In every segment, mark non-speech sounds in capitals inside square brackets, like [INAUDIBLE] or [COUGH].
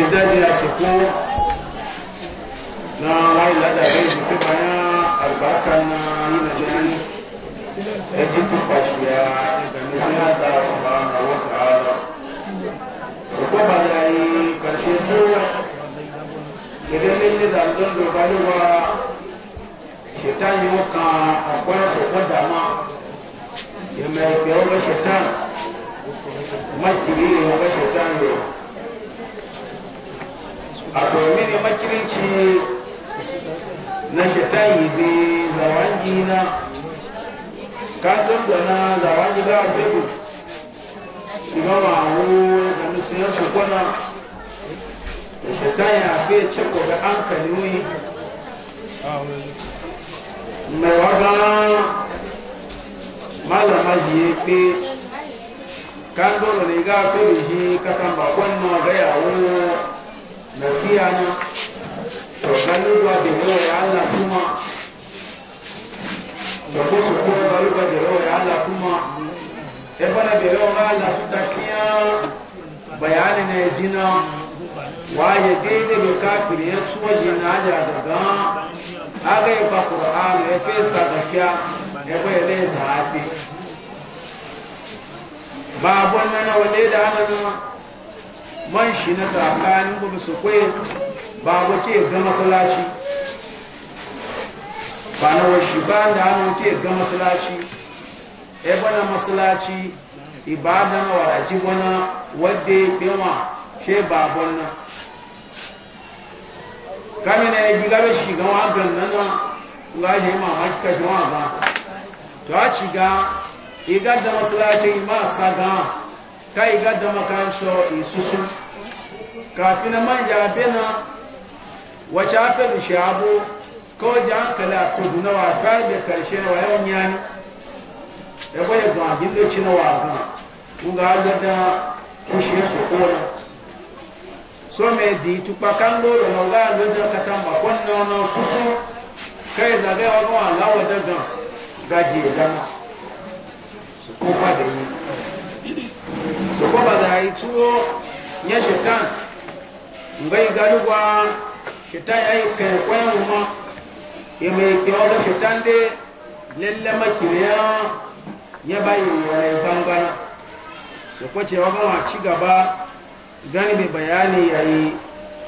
ìdájí àsìkò náà wọ́n ìlàdàgbé ìdíkẹ́ báyá àgbàkà náà yìí nàìjíríà ní ẹjí tó pàṣíyà ìgbàmísí àdá ọ̀bá àwọn tààrà òkú bàyà yìí kàṣẹ tó ìdẹ́lẹ́ nílẹ̀ àdúgbò balùwà ṣètá yìí wọ́n kan àpọ́yà sọ̀kọ́ dàmà ìmọ̀ ẹgbẹ́ ọlọ́ṣẹ̀tàn májèlé ọlọ́ṣẹ̀tàn rẹ̀. a domin makirci na shitayi be zawangi na kankan na zawangi ga bebo shiga mawu da musu ya su kwana da shitayi a fe cikko ga an kalmi mai waga malama ji pe kankan gana ga bebo shi kakan bakon na ga yawo nasiya na to ganin wa ya kuma kuma ya ne ya ya tuwa jina aga ya ya man shi na tsakanin ba su kwaye ba ke ga masalaci ba na washi ba da hannu ke ga masalaci ebe na masalaci ibada na waraji wani wadda yawa k'e babon nan kame na yi gabe shi ga wagan nan nan ga yi ma hakika shi wagan to a ci ga igar da masalaci ma sa ga kai ga da makan sho isusu kafin man ja bena wace afe da shabu ko ja hankali a tudu na wa kai da karshe na wayan yani da bai ga abin da ci na wa ga kun ga da kushe su kona so me di tupa kan loro na ga lo da katan ba kwanna na susu kai za ga wa lawa daga gaje dama su ko da yi so ko ba za yi tuwo ya shetan ngai galuwa shetan ya yi kai kwayan kuma ya mai kyau da shetan de lalle makiriya ya bayi wani bangana so ko cewa kuma ci gaba gani mai bayani ya yi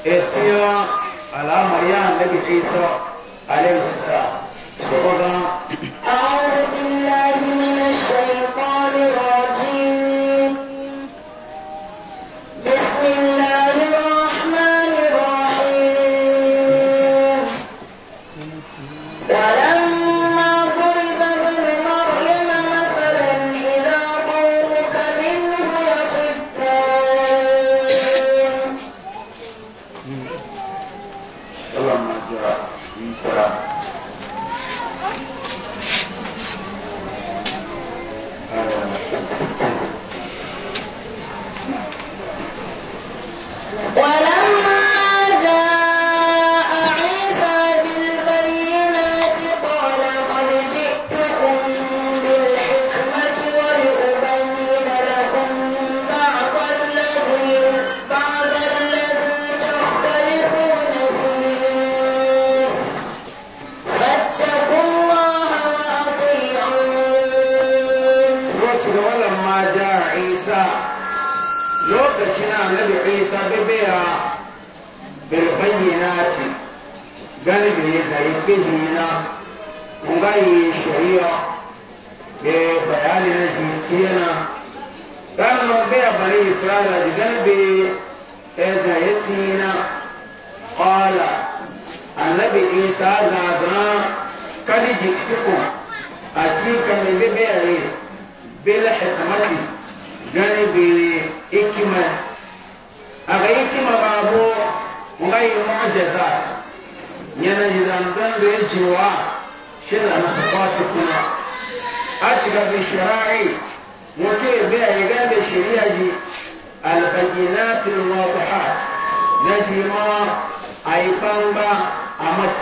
etiya alamar ya annabi isa alaihi salam so ko [COUGHS] ah,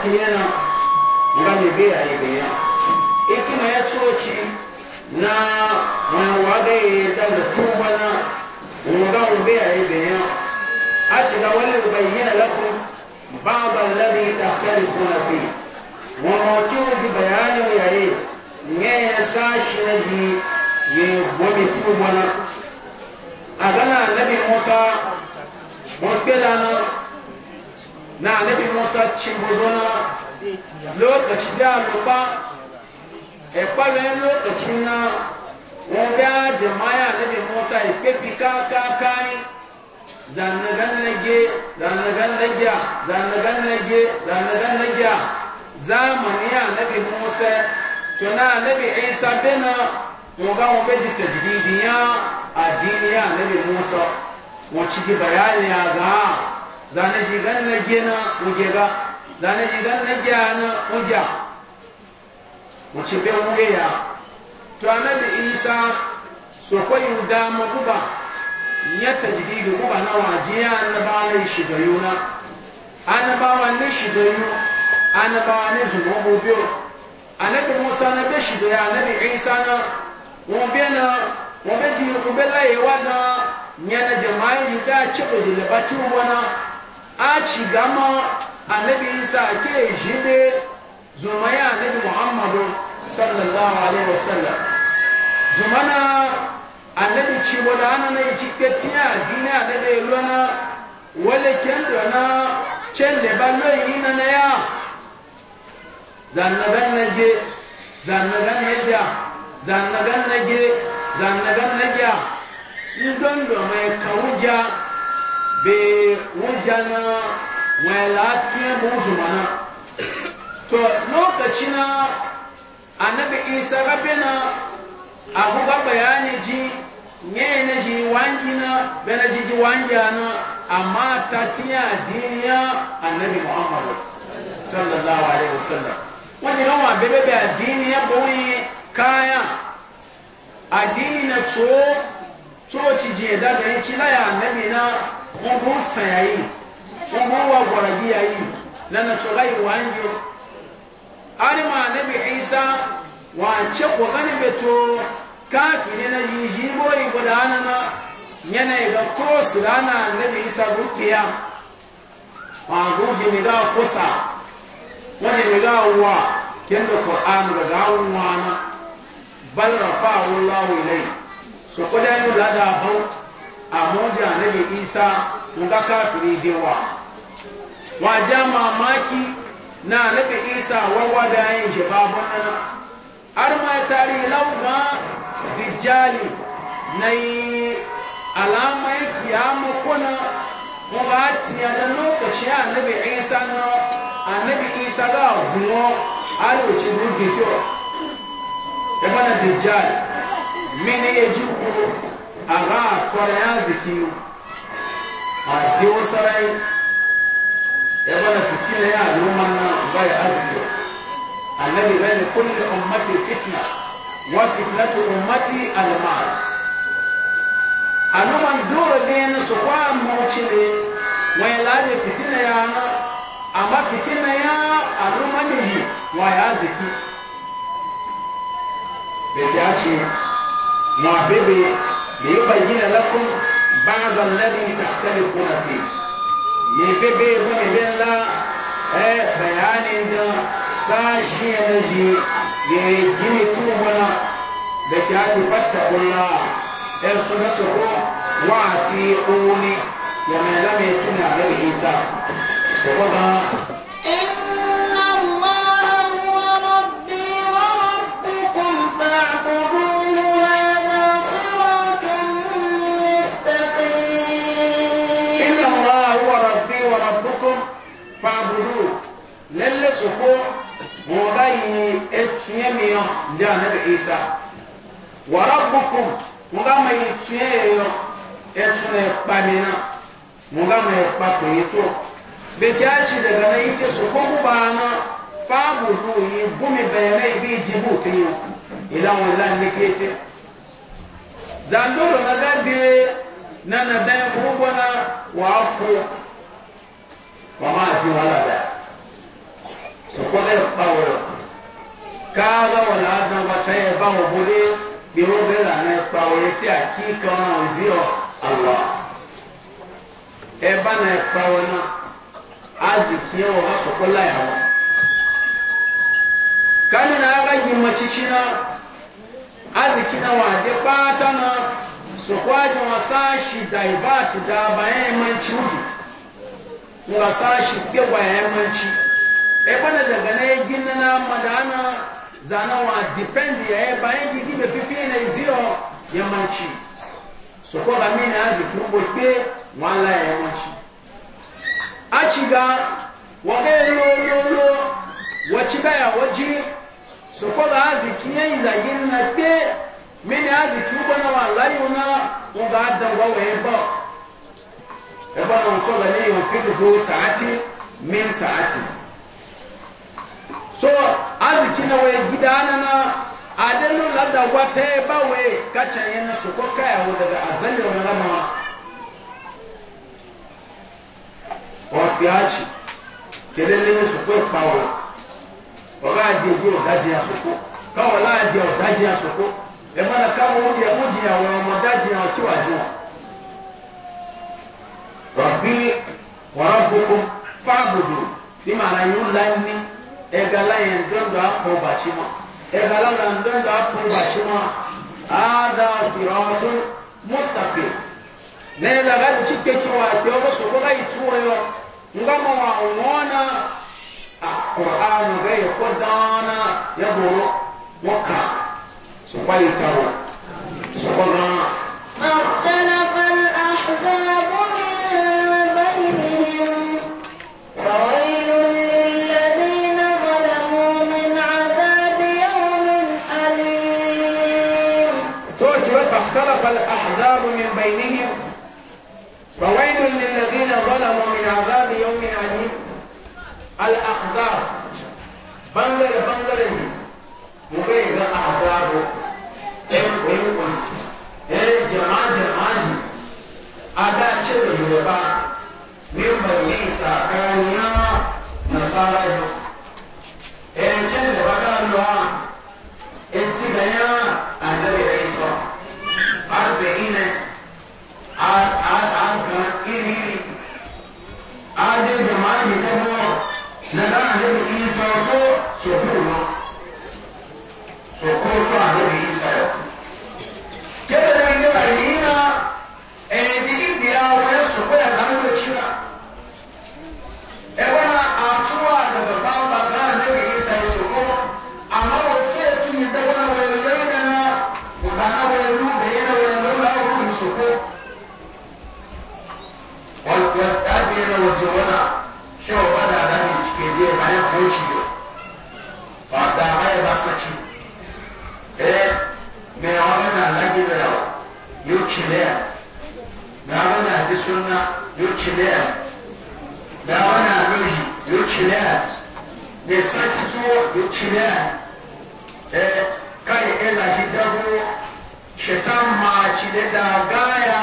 Eh, e tiɲɛ na nga mi bɛ yan yi e ya tso ci na wọn wa bɛ ya da tuba na wọn ka o a ti ka wale o bɛ yɛn la kun baaba lari da kari kuna bi wọn ti di bayani o yare ŋɛɛ na yi ye bɔ mi tuba na. cibuzona lokaci da lupa ekpalẹ lokaci na wọn bẹ jẹmaya níbi musa ìpépi kákákáyí zanaganlẹgẹ zanaganlẹgẹ zanaganlẹgẹ zanaganlẹgẹ zamani a níbi musa tona níbi isa bẹna wọn bá wọn bẹ di tẹjididiya adiniya níbi musa wọn ci di bayani a ga zane na wọn na ga. Dani idan na gya na ugya wace bai wuye ya to annabi isa so ko yu da maguba ya tajdidu guba na wajiya annaba ne shiga yuna wa ne shiga yu wa ne zuwa gobe annabi musa na be shiga ya annabi isa na wobe na wobe ji wobe la yewa na nyana jama'a yu da chibo de batu wana a gama annabi isa ke jide zumaya annabi muhammadu sallallahu alaihi wasallam zumana annabi ci wala ana ne ci ketiya dina annabi lona wala kendo na can da ba ballo yina na ya na ge nage zanna dan yadda na ge nage na dan ndon ndondo mai kawuja be wujana wani latiya bu zumana to lokaci na annabi isa rabina abu ga bayani ji nye na ji wangi na bena ji ji wangi na amma ta tiya diniya annabi muhammadu sallallahu alaihi wasallam wani yawa bebe be addini ya boye kaya addini na tso tso ci je daga ya ci laya annabi na mugun sayayi gbogbo wa gwara giya yi na na tsogai wanjo ani ma nabi isa wa ce ko gani beto kafin na yi yi boyi gwada anana yana ga cross rana nabi isa rukiya wa guji mi ga kusa wani mi ga wa kendo qur'an ga ga wana bal rafa'u allah ilay so ko da ni lada hau amoja nabi isa nga kafiri dewa wajen mamaki na nabi isa wawa da yin jibabun nan har ma tari launa dijjali na yi alamai kiyamu kuna kuma tiya da lokaci annabi isa na annabi isa ga gumo aroci rubito ya mana dijjali mini ya ji kuma a ga a kwarar a dewa sarai ya bada fitina ya al'umman nan ba ya arziki annabi bai da kulle ummati fitna wa fitnatu ummati alma al'umman dole ne na su kwa mauci ne wani lade fitina ya na amma fitina ya al'umman ne yi wa ya arziki bai ya ce ma bebe da yi bayyana lafin بعض الذي تختلفون فيه يبقى بالله بيان ان ساشي نجي يجيني توبنا بكاتي فاتقوا الله ايسو نسكو واعتي قولي يمن لم يتنع لبه إيسا سببا ngai etuye miyo ndia nabi isa wa rabbukum muga mai tuye yo etune kpamina muga mai kpato yito be kyaci daga na yike su ko ku bana fabu du yi gumi bayanai bi jibuti yo ilan wallan nikete zandoro na gade na na dan kubona wa afu wa ma ji wala da su ko da kaga wala dan bata ya ba wa bude biro be la na pa o ti akika na zio allah e ba na pa wa na aziki o ha so kola ya wa kana na ga yi macici na aziki na wa de pata na so kwaji wa sashi daibati da bayan manci uji wa sashi ke bayan manci e bana daga na gina na madana zana wa dipendi ya ye bayan gigi da na izio ya manci so ko ba mini azi kubo pe wala ya manci a ci ga wa ga yo yo yo wa ci ya waji so ko ba azi kinya izagin na pe mini azi kubo na wala yuna wa ga da wa we ba e ba ko to ga ni yo fitu sa'ati min sa'ati so aziki na wee gida anana adenu lada wata eba wee kacha ya na soko kaya ho daga azali wa malama wapiachi kelele ya soko epawo waga adi ebi odaji ya soko kawo la adi odaji ya soko emana kawo oji ya oji ya wa omodaji ya otiwa jiwa rabbi wa rabbukum fa'budu bi ma'ana yulani egala yẹn dọ́ndọ̀ àpò bàtí mọ́ egala yẹn dọ́ndọ̀ àpò bàtí mọ́ àádá òkìrọ̀ ọdún mustapha lẹ́yìn lọ́gá ló ti kékeré wa àgbẹ̀ ọmọ sọ̀rọ̀ láyé tú wọn yọ nga mọ̀ wọn àwọn náà àkùrán bẹ́ẹ̀ yẹ kó dáná yẹ bọ̀rọ̀ wọ́n kà sọ̀kọ́ yìí ta wọn sọ̀kọ́ náà. الأحزاب من بينهم فويل للذين ظلموا من عذاب يوم عليم الأحزاب بندر بندر مبين الأحزاب إيه، جماعة جماعة أدا كده يبقى من بني تاكانيا نصارى I did wọn ti yọ ọ̀dà ayé bá sọ̀tì ẹ mẹ ọ̀rẹ́ náà lágbè bẹ̀rẹ̀ ọ yóò tì lẹ́yà mẹ ọ̀rẹ́ náà bí sọ́nà yóò tì lẹ́yà mẹ ọ̀rẹ́ náà lóyè yóò tì lẹ́yà mẹ sẹ́tì tó yóò tì lẹ́yà ẹ káyé ẹ làjì dábò ṣètàn máa tì lẹ́dà gáyà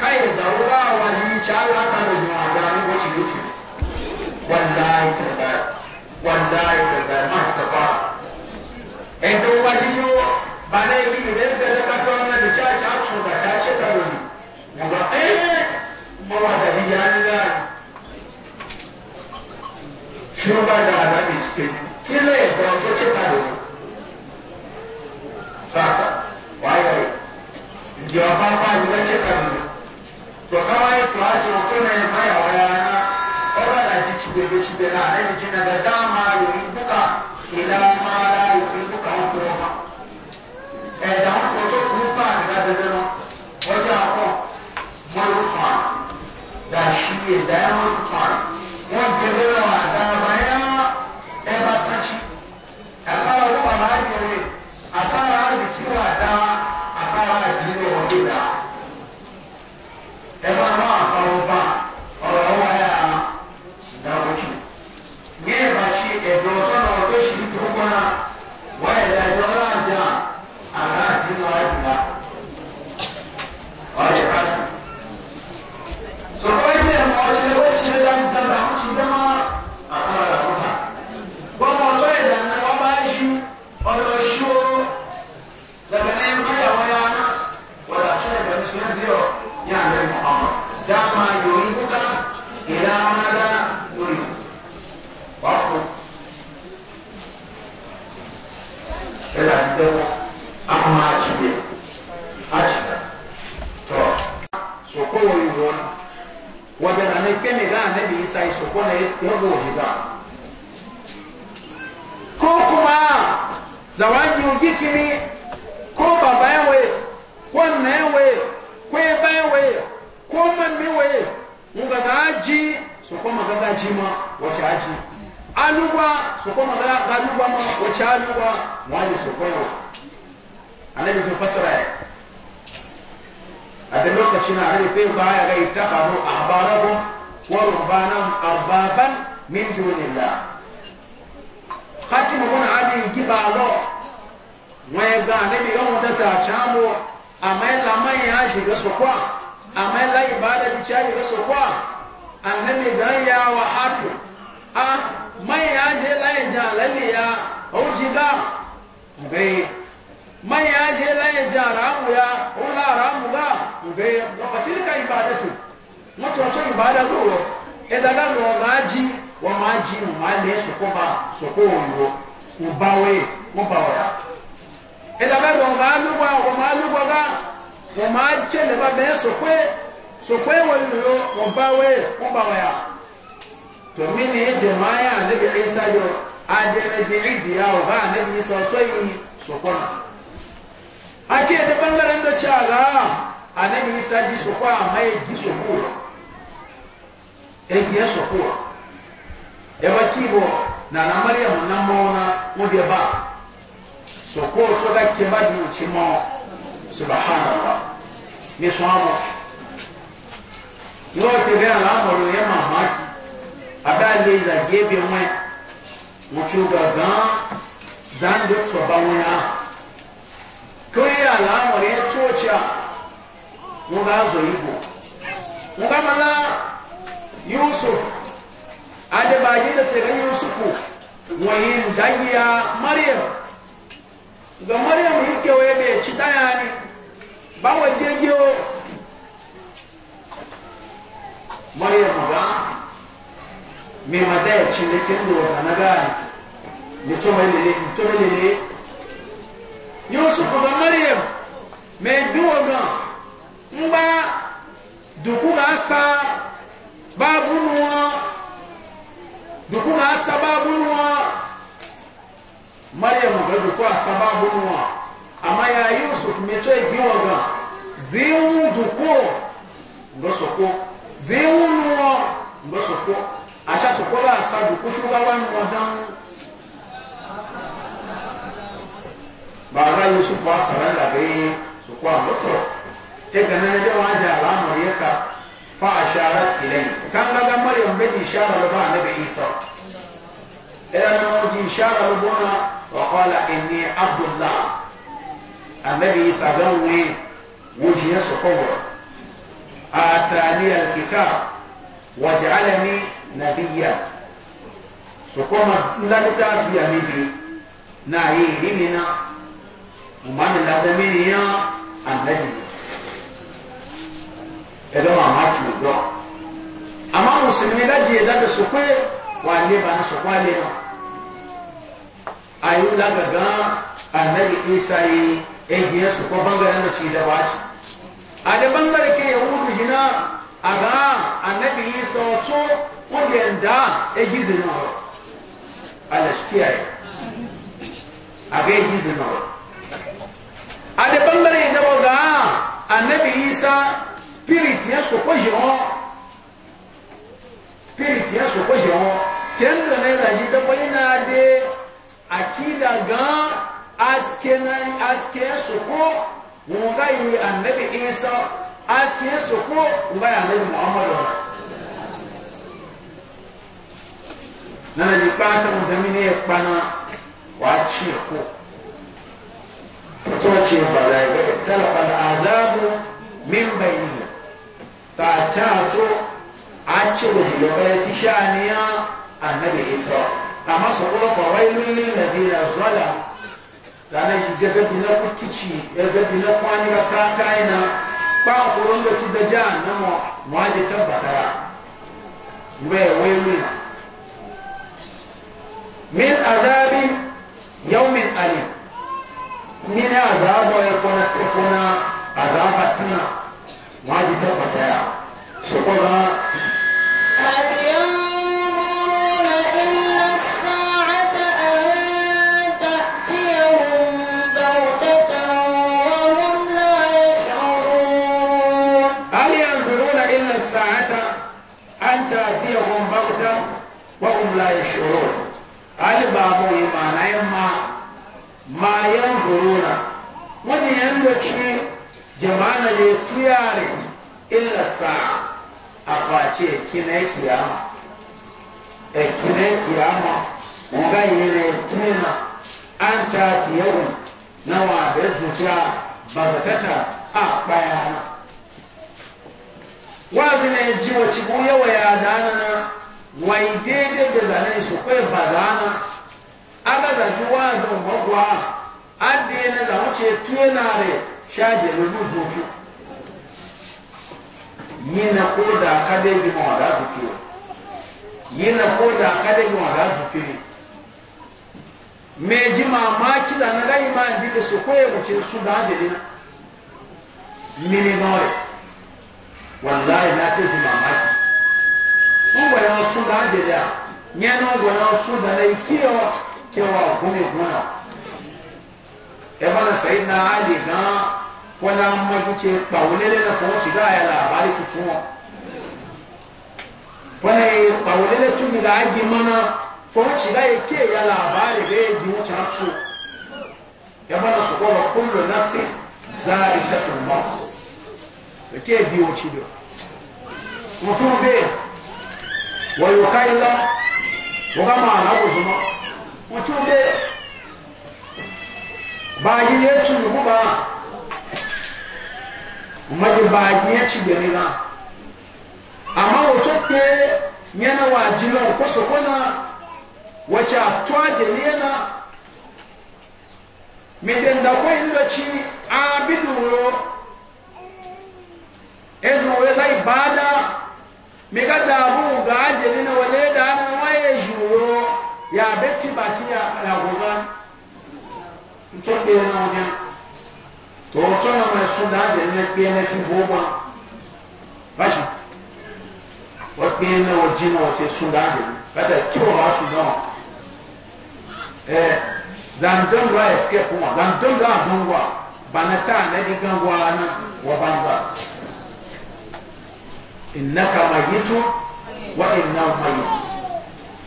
káyé dàwúrà wà ní ìjà látàlóyún àgbà níbo tì lójú wọn láì tẹ̀lé báyìí wallahi sai ma ta ba e do ba shi yo ba ne bi ne da da ka to na da cha cha chu da cha cha ta ru mu ba eh mu ba da ya ni ga shi ba da da ni shi ke le ba to cha ta ru sasa wayo ndio hapa ni cha ta ru to kama yetu aje utone maya waya kawai a ji cibiyar cibiyar a nan jina ga dama domin buga ila ilimi ko baba ya waye ko nna ya waye ko esa ya waye ko mami waye nga ga ji su kuma ga ga ji ma wace aji aluwa su kuma ga ga aluwa ma wace aluwa wani su kuma annabi ke fasara ya a da lokacin annabi kai baya ga ittakhadu ahbarahum wa rubbanahum arbaban min dunillah khatim ibn ali gibalo a gba níbi ọmọ tẹ́tẹ́ àṣàmù àmẹ́lá mẹ́yìn àṣìgbẹ́ sọ́kọ́ àmẹ́lá da tí àṣìgbẹ́ sọ́kọ́ ànẹ́bí gan ya wà hátù a mẹ́yìn àṣẹ́ láyẹ̀jà lẹ́lẹ̀ ya òjìdá ǹbẹ́ mẹ́yìn àṣẹ́ ya òun gaa gá ǹbẹ́ lọ́pàtí níka ìbádẹ́tù wọ́n ti ọjọ́ ìbádẹ́ lóòrọ̀ ẹ̀dàgá ni wọ́n máa jí wọ́n máa jí ji máa lé sọ́kọ́ bá sọ́kọ́ òyìnbó kò báwé wọ́n ẹ̀dàbà wọ̀n máa lúgbà wọ̀n máa lúgbà bá wọ̀n máa jẹ́ lẹ́bà bẹ́ẹ̀ sọ̀pẹ́ sọ̀pẹ́ wọ̀n lò wọ̀n bá wẹ̀ wọ́n bá wẹ̀ yà tòmí ni ẹ̀jẹ̀ máa yà níbi ẹ̀sà yọ adẹ́rẹ́dẹ́ ìdìyà ọ̀bá níbi ìsà ọ̀tọ́ yìí sọ̀pọ̀ nà. akí ẹ̀dẹ́bà ńlá ń dọ̀chẹ́ àlá àníbi ìsà jí sọ̀pọ̀ àmọ́ ẹ̀jí sọ̀pọ̀ ẹ̀jí sọ̀pọ̀ ẹ̀bà kí ibọ̀ nà àná mọ́ríyàmù náà mọ́ wọn náà wọ́n bí ẹ báà so kó o tó bá ké bá di ti mọ subahana ní sọ́nmọ́ yóò ti bẹ́ẹ̀ lámọ̀rọ̀ yẹn màmá abẹ́ àlẹ́ ìlàjì ebi wọn mo ti gbàgán zando tọba wọn yá kí wọ́n yẹ àlámọ̀rọ̀ yẹn tó o wọn bá zọ yìí wọn bá mọ́lá yusuf adébáyé lè tẹ̀lé yusuf wọ̀nyí ń mariam. ga maryam yake waye bai ci daya ne ba waje giyo maryam ga me mata ya ci ne kin do na ga ni to mai ne to mai ne yusuf ga maryam me duwa ga ngba duku na sa babu nuwa duku na sa babu nuwa maryamu ga ji kwa sababun wa amma ya yusuf me ce giwa ga zewu duko ga soko zewu nuwa ga soko a sha soko ba sa duku shugaban wadan ba ra yusuf ba sarar da bai soko a mutu ta gana na jawa da alamar yaka fa a sharar ilai kan gaga maryam bai isharar ba na bai isa ɛyɛ no ihyara lobona wakala ɛni abdullah anabi isa gan we wogyina sɔkɔ wɔ atani alkitab wajalani nabiya sɔkɔ ma nlalita biya mi bi na ayi iri mi na umani ladami ni ya anabi ɛdɔ ma ma tuli dɔ ama musulmi la jɛ da bɛ sɔkɔ ye wa ale ba na sɔkɔ ale ma. ayi laga ga annabi isa yi ehiye su ko bangaren da da baci a da bangare ke yahudu jina a ga annabi isa wato wanda yanda ehi zina wa ala da kiyaye a ga eh, zina wa a da bangare da ga annabi isa spirit ya su ko jiho spirit ya su ko jiho kendo da ji dai akida gan aske na aske soko won ga yi annabi isa aske soko won ga annabi muhammad nana ni pata mo dami ne pana wa chi ko to chi bala ga tala bala azabu min bayni ta ta to a ci wa yo ti shaniya annabi isa amma saboda kawai ni da zai da zuwa da ranar shi ga gabi na kutiki ya ka na kwani ga kakayi na ba a kuron da ci da ja na mawaje tabbata ya bai wai nuna min azabi yau min alim min azabo ya kona a azaba tuna mawaje tabbata ya su kuma وهم لا يشعرون الباب معنى يما ما ينظرون wani yanwaci jama'a ne tuyare illa sa'a a face kina kiyama a e kina kiyama wanga yi ne tunina an ta tiyawu na ba juta tata a bayana wazi ne ji wace buya wa ya dana na wai daidai da zanen shi kwai ba zana aga zaji wazin magwa na da wuce tunare shaje rubu zofi yina yi da yina ko da kada yi da zuke me ji mamaki da na gai ma ji da su wuce su da mini wallahi na ta ji mamaki ngwa ya su da aje da nye na ngwa ya su da na ikiyo cewa gumi guna e bana sai na ali ga wala amma kuce ba wulele na ko shiga ya labari tutu wa wala ba wulele tuni da aji mana ko shiga yake ya labari ga yi wuce su ya bana su ko kullu nafsi za'iqatul maut yake biyo cido mutum bai wọ̀yọ̀ káyílá wọ́n ká máa láwùjọ mọ́ wọ́n tí ó dé báyìí yẹ́ tù lùkú bá mọ́jú báyìí yẹ́ tù gbẹ̀mí náà àmọ́ wọ́n tó pé yẹn wà jìnnà kóṣokó náà wọ́n ti àtọ́ àjẹ̀lé yẹn náà mẹ̀dẹ̀ndàkọ́ yìí lọ sí ábídùn lọ ẹ̀sùn wọlé láì bá dáa. mega dabu ga ajeli na wale da na waye juro ya beti batia ya goma ntonde na onya to to na masu da ajeli na pe na fi goma bashi wa pe na oji na ote su da ajeli bata ki o ma su na eh dan don ga escape wa dan don ga bon banata na di gangwa na wa banza innaka mayitu wa innahum mayit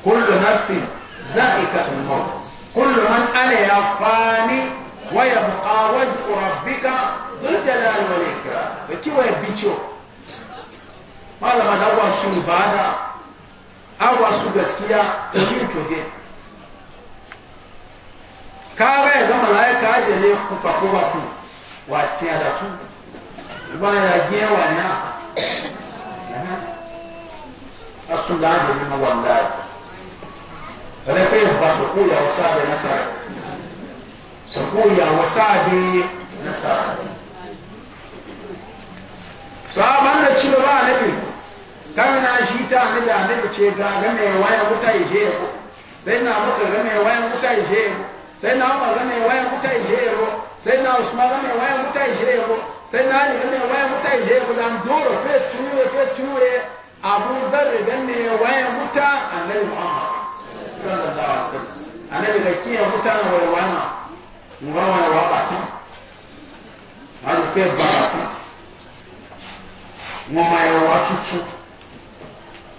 kullu nafsin za'iqatul maut kullu man alayha fani wa yabqa wajhu rabbika dhul jalali wal ikram ikiwa bicho mala madawa shuru bada awa su gaskiya to ni to je kare ga malaika ajele kupakuwa ku watia da tu bana ya gewa na asunda ahiri na wallahi rɛpɛ ba sɔkò yà wò sáadé na sáadé sɔkò yà wò sáadé na sáadé sɔaba na kyi ba ne bi kan na yi ta ne bi ne bi kye ga ga ne waya wuta yi je sai na muka ga ne waya wuta yi je sai na umar ga ne waya wuta yi je sai na usman ga ne waya wuta yi je sai na ali ga ne waya wuta yi je ko dan doro fe tuwe fe tuwe abu dare dan ne ya waya wuta annabi muhammad sallallahu alaihi wasallam annabi da kiyan wuta na waya wana ngwa waya wa bata ma ji fe ba bata mo ma ya wa chuchu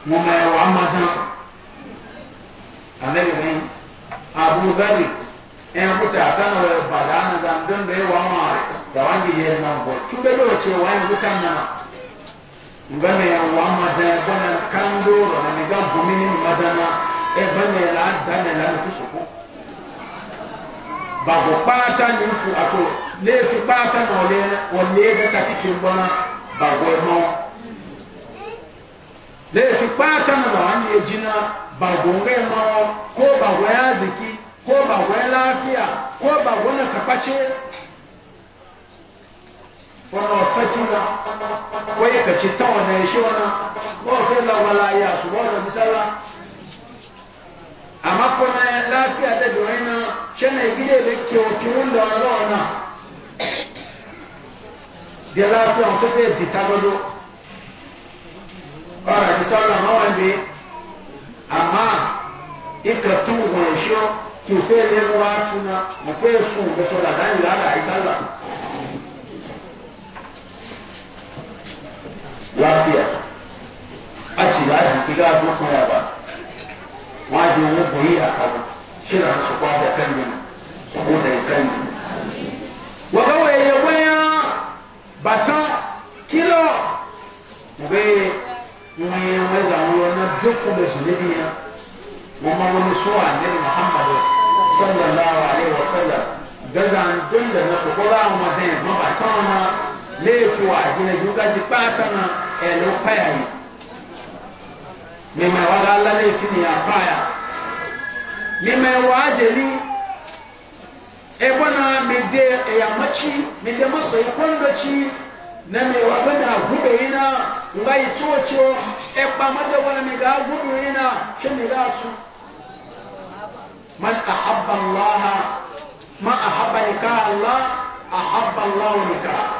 mo ma ya wa madan annabi ne abu zarri en wuta ta na waya bada na zan don da ya wa ma da wangi ya na bo kin da cewa waya wuta na ngana ya wa madana dana kandoro na miga bumini madana e eh, bane la dana la tusoko bago pata ni mfu ato lefi pata na olena olena katika mbona bago emo lefi pata na wani ejina bago ngemo ko bago yaziki ko bago lafiya ko bago na kapache wọn ọsẹtì na wọ́n yẹ kẹ̀kẹ́ tán wọn náà ẹ̀ṣẹ́ wọn náà wọ́n fẹ́ lọ wọlé ayé àṣùwọ́n náà mísàlá àmọ́ kọ́ náà láàfin àtẹ̀dùnrin náà ṣẹ́nà ìbílẹ̀ èlé kí o kí wọ́n lọ ọlọ́run náà díẹ̀ láàfin àwọn tó fẹ́ di tágọ́dọ́ ọ̀rọ̀ mísàlá náà wọ́n gbé àmọ́ ìkẹ̀tù wọ̀nyí ṣọ́ kí o fẹ́ lé wá tún náà fẹ́ sùn gbẹtọ̀ làdáyìn lára àìsàn làkùn. lafiya a ci da arziki ga abin koya ba wajen wani koyi a abu shirin su kwata kan yi su koda ya kan yi wa kawai ya kwaya bata kilo bai wani wani zamuwa na dukkan da su ne biya wọn ma wani suwa ne muhammadu sallallahu alaihi wasallam gaza don da na su kola wa madan mabatan ma léèkì wa jìnnà ju gájí pátá na ẹnu páyà yìí mímẹ ala lálẹ́ léèkì ní apáyà mímẹ wà jẹ̀lí ẹgbọ́n mi dé ẹ̀yàmọ́kí mi dé na mi wà bẹ́ẹ̀ na gúbẹ̀ yìí nga yìí tó tó ẹ̀pà mọ́tẹ́wọ́n mi gà gúbẹ̀ yìí náà ṣé mi gà a من أحب الله ما أحب نكاح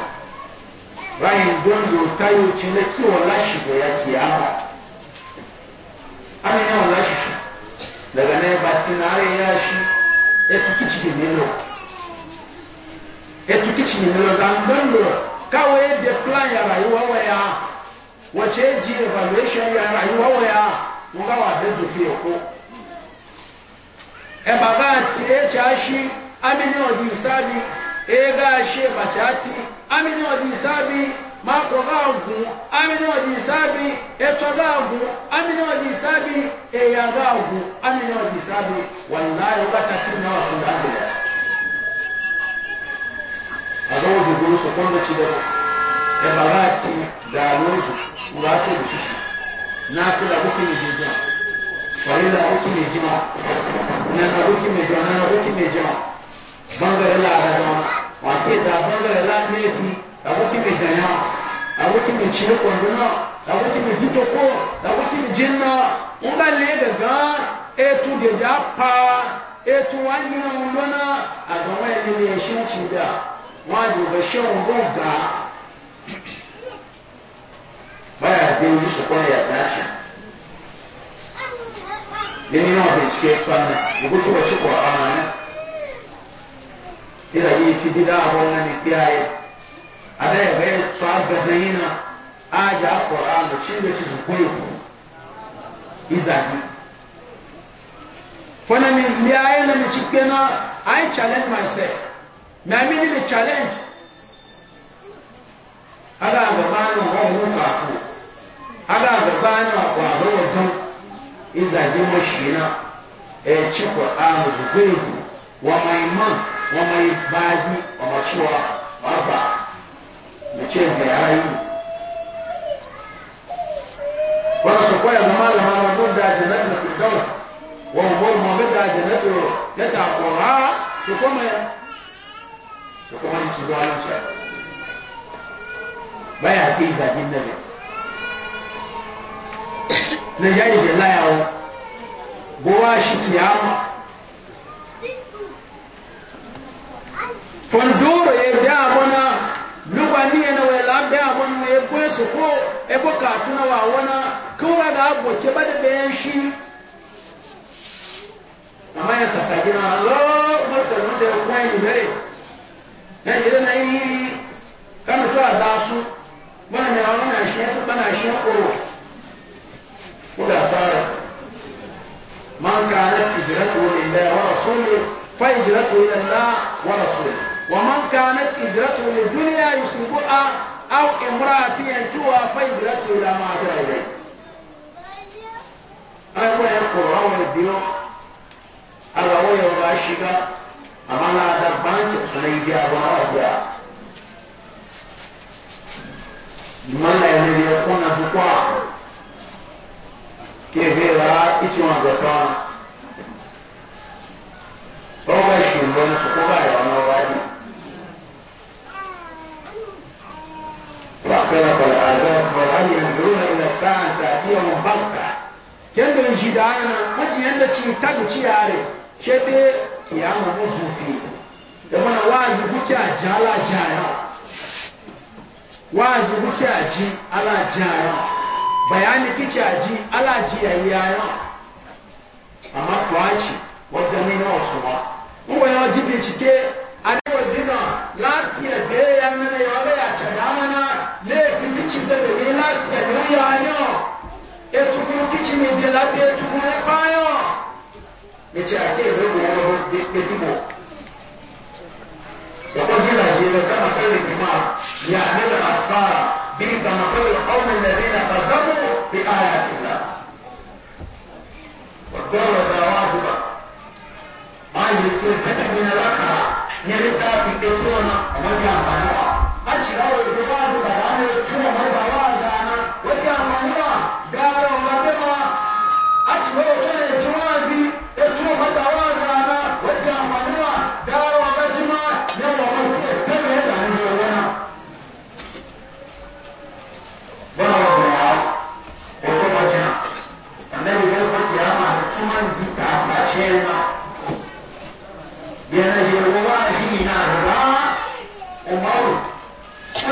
rayin dondo tayo ci na kiwon lashi da ya kiyama an yawan daga nan ba tinare ya ya tuki cikin nilo ya tuki cikin nilo dan dondo kawai plan ya rayuwa waya wace ji evaluation ya rayuwa waya mun ga wa da e ba ti e chashi amini ega she bachati amini wajisabi makogagu amini wajisabi etogagu amini wajisabi eyagagu amini wajisabi wallahi batati na wasundabu agawo guruso kondo chidebo ebagati dalozu urato bishishi buki bukimejiza walila bukimejiza buki nanabukimejiza bangare la da ma wa ke da bangare la ne bi da wuce mi da ya da wuce mi ci ko nduna da wuce mi ji to ko da mi jinna un ba le da ga e tu pa e tu wa ni na nduna a ga wa ni ne shi ci da wa ju ga shi un go ga ba ya de ni su ko ya da shi ne ni na bincike tuwa ne rubutu wa ci ila yi fi bida wannan ne kiyaye a da ya bayan tsaba da yana aja qur'an ah, da cin da ci su koyi ko izaki fona mi liaye na mi ci kena i challenge myself na mi ni challenge aga ga bana wa mu ka ku aga ga bana wa ro to izaki mo shina e ci qur'an da koyi wa maiman wọn mọ ibaaji ọmọ tiwa wọn ba mẹkyẹ gbẹyà yi wọn sọ kọ yẹ mọmọ alẹ hàn wọn da jẹ lẹnu fi dọs wọn bọ mọ bẹ da jẹ lẹnu fi lẹta kọra sọkọ mọ yẹ sọkọ mọ yẹ ti do alẹ sọ báyà ké ìzàdí nẹbẹ nàìjíríà yìí jẹ wọn bó wá sí kìá mọ. fondoro ye bɛ a bɔna lugba ni na wɛ la bɛ a bɔna ye bɔ su ko e bɔ k'a tuna wa wɔna kura da bɔ kɛba de bɛ si ama yɛ sasa gina lɔ mo tɛmu tɛ kɔn yi mɛre na yɛrɛ na yi kanu tɔ a daa so bana na awon na ahyɛn to bana ahyɛn koro o da saara man kaanat hijratu ila wa rasuli fa hijratu ila Allah wa rasuli ومن كانت هجرته للدنيا يصيبها أو امرأة ينكوها فهجرته إلى ما هاجر إليه أيوة يقول أول الدين ألا هو يغاشيك أما لا تبان تقصني بها وما من الذي يكون تقوى كيف لا إتما ذكرنا Ọgbà ìṣòro lọ ní sọ́kọ́ báyìí ọ̀nà واقترب العذاب وهل ينظرون الى الساعه تاتيهم بغته كان الجدعان قد يندتشي تاكوتشي عليه شتي قيامه مزوفي لما وازي بكي اجالا جايا وازي بكي اجي على جايا bayani kici aji ala jiyayi yayan amma tuwaci wadda ni na wasu ba in wani wajen bincike a ne wajen last year da ya yi mana ya wale ya cana mana kíchì dẹ̀dẹ̀ mi láti ẹ̀mí ó yà yọ̀ ẹ̀tùkùn kíchì mi dẹ̀ láti ẹ̀tùkùn ẹ̀pá yọ̀ méjì àti ìwé wo pété wọ̀ sọ́kọ́ bí nàìjíríà kama sẹ́lẹ̀ bí máa ní àmìlẹ̀ asfáà bí kàmáfẹ́ ọ̀hún lẹ́rìí náà bàbáwò bí ayé àti ìlà ọ̀gbọ́n ọ̀dà wa fúba ayé tó bẹ́tẹ̀ mi náà lákàá nyẹ́rìí tá a fi ètò ọ̀nà ọmọdé àbáyọ̀. 俺起来，我就把这早饭就门完了。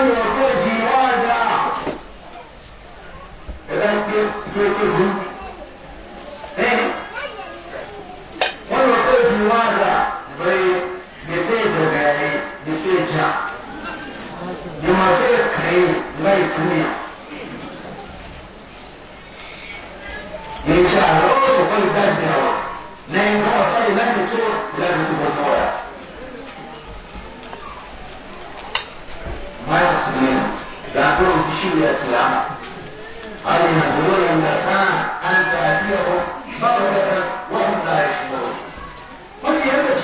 وفوجي mais assumida, da produtividade clara. Além da glória, a ação, a interativa, a vontade, a vontade de Deus. Mas,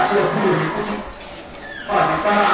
àti ẹ̀kú òṣìkú ọ̀nìpára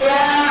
Yeah. É.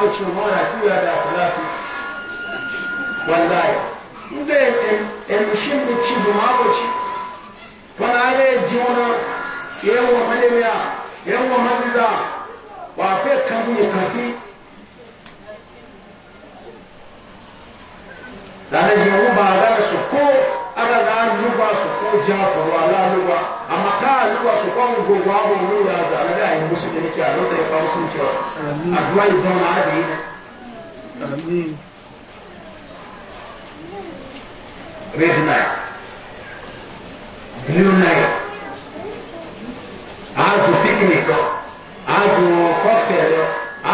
lokaci mu na kiwa da salatu wallahi inda en shin mu ci zuma ko ci wala ne jona yawa malamiya yawa masiza wa fe kan mu kafi da ne ba ga ko jafar wala luwa amma ka luwa su kon go wa go mu ya da ala da musulmi ke a lota ya red night blue night aju picnic aju cocktail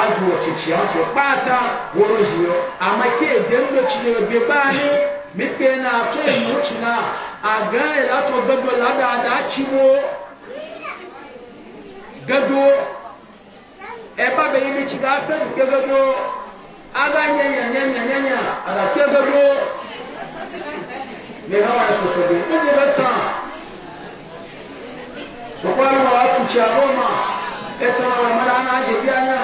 aju ọchịchị ọchịchị kpata woro ji yo amma ke den do chi ne be ba ni mikpe na atụ enyochi na aga elatụ gado lada ada chiwo gado ebe abịa imechi ga afe nke gado aga nyanyanyanyanyanyan ala ke gado mera wa soso e bi ndị bata sokwa nwa atụchi aroma etara wa mara na ajebi anya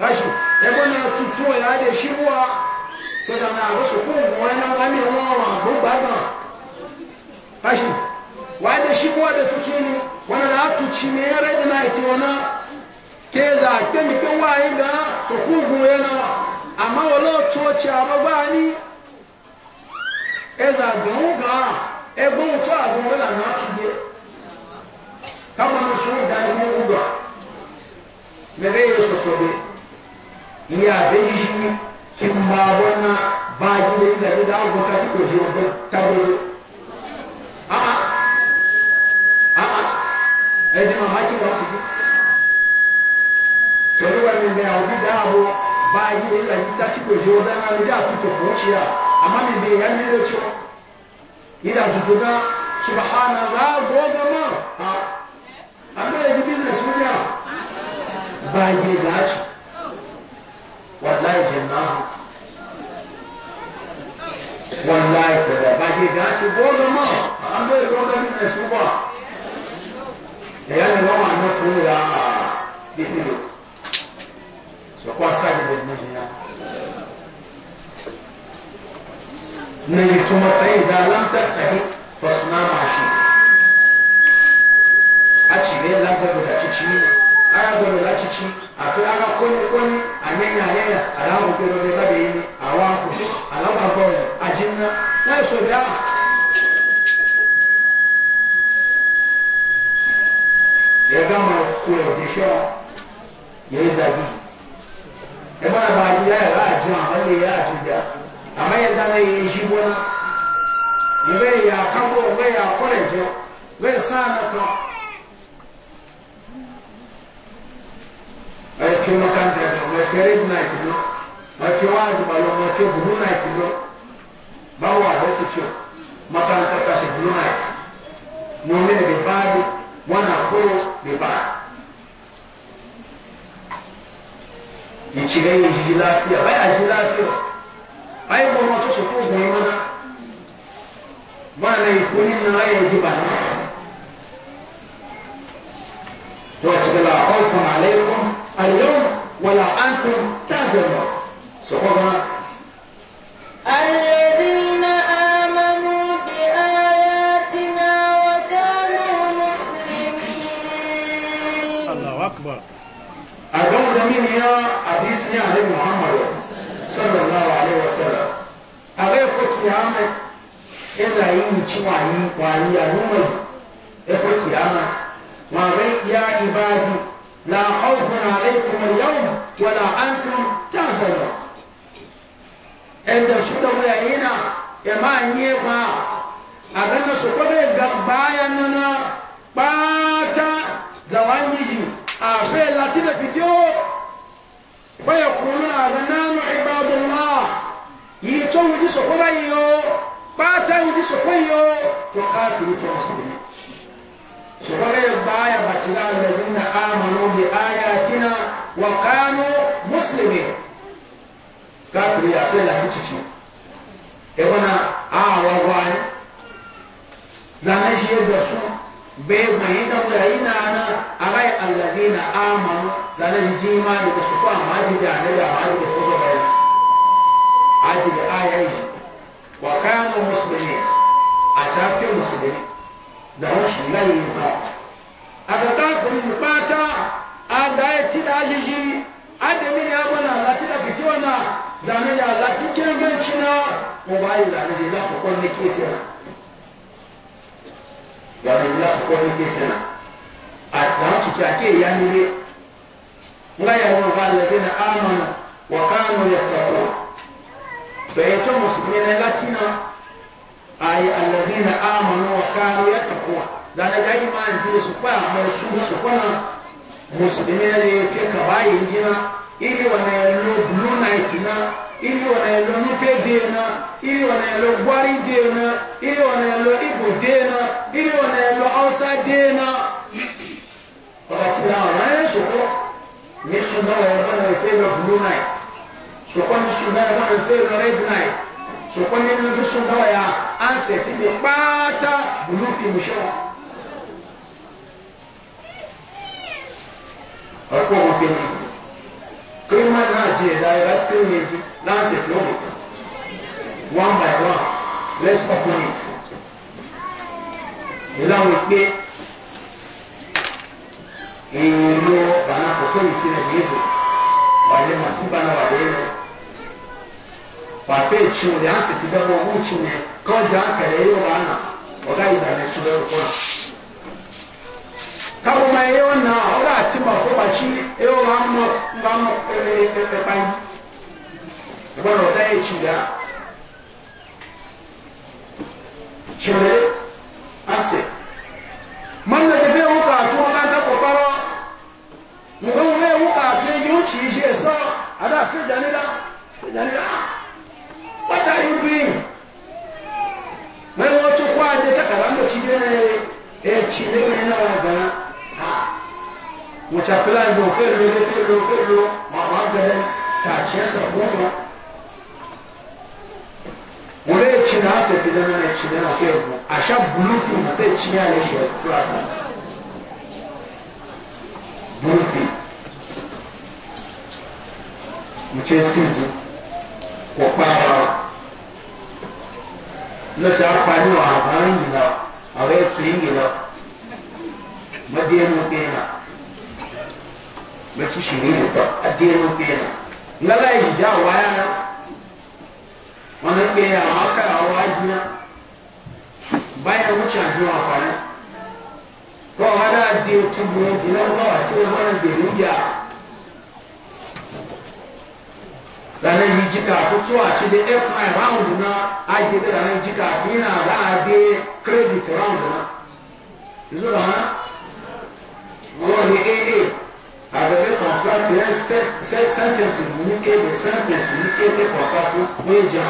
rashi ebe na tutuo ya adị shibuwa sai da wani abu su kun wani wani wawa gugba ba fashi wa da shi kuwa da tuci ne wani na tuci ne ya rai na ita wani ke za ke mi kin waye ga su kun goye na amma wala coci a magba ni e za ga mu ga e gun to a gun wala na tuge kama kin ba wannan ba gida yi zaɓe da abu ta cikin jiyo ba ta gudu a'a a'a ai ji mamaki ba su ji to ni wannan da yawo da abu ba gida yi zaɓe ta cikin jiyo da na da tuto kuciya amma mi bai yan ne da ciwo ida tuto da subhanallah goga ma a amma ya ji business mu da ba gida shi wàláì jẹ náà wàláì tẹ̀lẹ̀ bàjẹ́ gan ṣe bọ́ọ̀lù mọ́ àbẹ́ ìrọ́lẹ́ bísíǹsì wà ẹ̀yà ni wọ́n wà ah, ní kúrò yà á bíbí lò sọ̀kọ́ sáyẹn bẹ̀rẹ̀ méjì yá. Nìyí túmọ̀ sẹ́yìn zá láńtẹ́sítẹ́hì fọ̀sùnà máa ṣe. A ci ne lágbàdo da cici, ara gbàdo da cici, àfi ara kóni anyanya anyanya ala awo gbɛdɔ de ba de yi ni awo akɔsi ala ba bɔ ɔyɛ adi nna wɔyɛ sɔ bi ama. yɛga ma kó ɛdi hyɛ a yɛyɛ zabi ɛba na ba adi ayɛ ba adi ama ɛna yɛ adi da ama yɛ da na yɛ ezi bɔ na yɛ bɛ yɛ akabɔ bɛ yɛ akɔlɛ jɛ bɛ san na tɔ ɛyɛ fi ma kan tɛ garage night lọ wake wazi balọ wake blue night lọ báwo àwọn tuntun makaranta kasi blue night mọ̀mí ni bíbá bi wọn àkóró bíbá. ìtìlẹ̀ yìí yìí láàfíà báyà yìí láàfíà báyà wọn wọn tó sọkó ògùn yìí wọn náà wọn àlẹ ìfúnni náà ayé ojú bàánú. tó ìtìlẹ̀ la ọ̀pọ̀ àlẹ́ kọ́ àlẹ́ yóò wala antum kafirun sɔgɔ kan. الذين آمنوا بآياتنا وكانوا مسلمين الله أكبر أقوم دمين يا حديثنا على محمد صلى الله عليه وسلم أغير قلت يا عمد إذا يمشي وعيني وعيني أنومي إخوتي أنا وعيني يا عبادي لا خوف عليكم اليوم ولا أنتم تحزنون عند شدوا يعينا يما نيفا أغنى سكوبة غبايا ننا باتا زوانيجي أفعل لاتنا فيتيو ويقولون أغنان عباد الله يتوجي سكوبة يو باتا يجي سكوبة يو تقاتل تمسلمين sukare baya batila na amanu bi ayatina wa kanu muslimin kafiri ya kai lati cici e wana awa wani zanen shi yadda su bai mai da wurayi na na arai na amanu zanen jima da su kwa maji da ne da maji da su zuwa yi aji da ayayi wa kanu muslimin a tafi musulmi zane shi na yi ba a ga kafin yi fata a da ya ci da jiji a ya mana lati da fito na zane ya lati ganganci na ko ba yi zane da ya sakon na kete na ya da ya sakon na kete na a da ci ta ke ya nire nga ya wani ba lafi na amana wa kanu ya tafi to ya ce musulmi na latina ay allazina amanu wa kanu yattaqun da na ga iman ji su kwa amma su su kwana musulmi ne ke ka bayi jina ili wana yalo blue night na ili wana yalo nupe de na ili wana yalo gwari de na ili wana yalo igbo de na ili wana yalo hausa de na wakati na wana ya soko ni shugaba ya wana ya pelo blue night soko ni shugaba ya wana ya pelo red night sọ̀kọ́ nínú tó ṣọ́gbọ́ ya ánsẹ̀ tí lè pátá bùlú fi mú ṣọ́ ọkọ̀ òkè ní kírímà náà jí ẹ̀dá ẹ̀rá spírí méjì láǹsẹ̀ tí ó mú one by one let's open it ìlànà pé èèyàn ló bàánà kò tó ìfilẹ̀ méjì wà ní màsíbà náà wà lóyún wafe ekyim deɛ ase ti bɛma ɔmo kyim yɛ kɔɔgye akara ɛyɛ wɔ ana ɔda yi da ne so bɛ kɔ a kaboma ɛyɛ wɔ na ɔda ati ma fo bakyi ɛyɛ wɔ ano ano ɛɛ ɛɛ ban ɛbɔ na ɔda ekyi da kyerɛ ase manda de bɛ wo kaatu ɔkanta kɔkɔrɔ mɔgɔ wo bɛ wo kaatu yi o kyi yi yɛ sɔ ada afei da ne da afei da ne da. What are you doing? Mai wacce kwa ne ta karamba ci ne e ci ne ne na ga ha. Mu ta fila ne ko ne ne ko ne ko ma ma ga ne ta ce sa ko ma. Mu ne ci na sa ti da ne ci ne na ko a sha bulufi ma sai ci ya ne shi ko asa. Bulufi. Mu ce kò pa ara wa lọ́tí apá ní wà àwọn ìyìnà àwọn ètò ìyìnà mọ́dé ẹnu bẹ́ẹ̀nà mẹ́tí ṣì ní ìlúkọ adé ẹnu bẹ́ẹ̀nà lọ́lá ìjìjà wà á wọn ń gbé àwọn akára wa jìnnà báyà wọ́n ti àjọ àpá náà wọ́n wá náà di ètò ìgbìyànjú náà wọ́n àti wọn náà gbèrú yàrá. zane yi jika ko cewa ci da f9 round na ake da zane jika tuna za a de credit round na yanzu da hana wani aa a bẹ̀rẹ̀ kọ̀ǹfàtì ẹ̀ sẹ́ńtẹ̀sì ní kéde sẹ́ńtẹ̀sì ní kéde kọ̀ǹfàtì méjà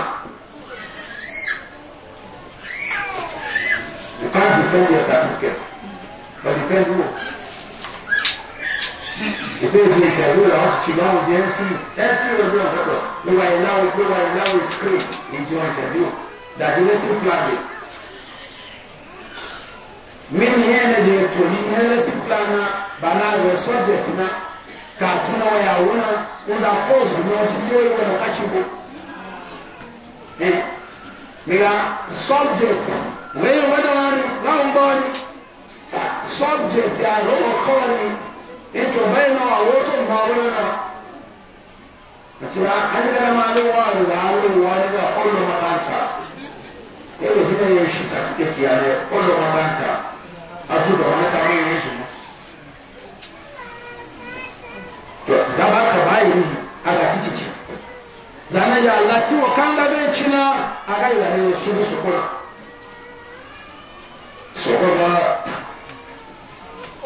you can't defend your certificate but defend who ebe di ẹja ló la wọn ti lọ́wọ́ di ẹnsì ẹnsì ló lọ́wọ́ lọ́wọ́ ló wà yẹn láwọ ló wà yẹn láwọ screen ìjọ ọjà ló dàdí lẹ́sìn plan mi ni yẹn lè di ètò yìí yẹn lẹ́sìn plan na bana rẹ subject na kàtún náà yà wọ́n na wọ́n na course ní ọtí sí ẹ̀yẹ wọn ká ṣe bọ́ ẹ̀ nira subject wọ́n wọ́n náà wọ́n bọ́ ni subject ètò bẹ́ẹ̀ náà àwọn tó ń bọ̀ wọn náà àti àdìgbàdà máa ní wọ́n àrùn àwọn olùwọ́n nígbà ọlọ́mọ bá ń ta ẹ̀rọ ìdílé yẹn ṣe sàtìkẹ́tì ka bayi a ga titi zana ya lati wa kan a ga ne su bi su su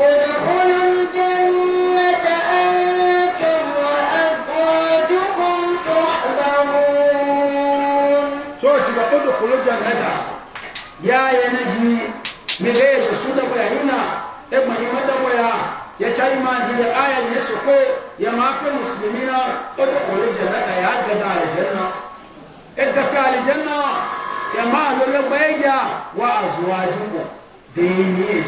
o ya yanaji mege ya su da bayayina e ya mahimma da baya ya ta yi mahi da ayar ya su ko ya mafi musulmi na e wadda kore jannata ya gada aljanna ya e gaka aljanna ya ma lura bayya wa a zuwa jinko da ya yi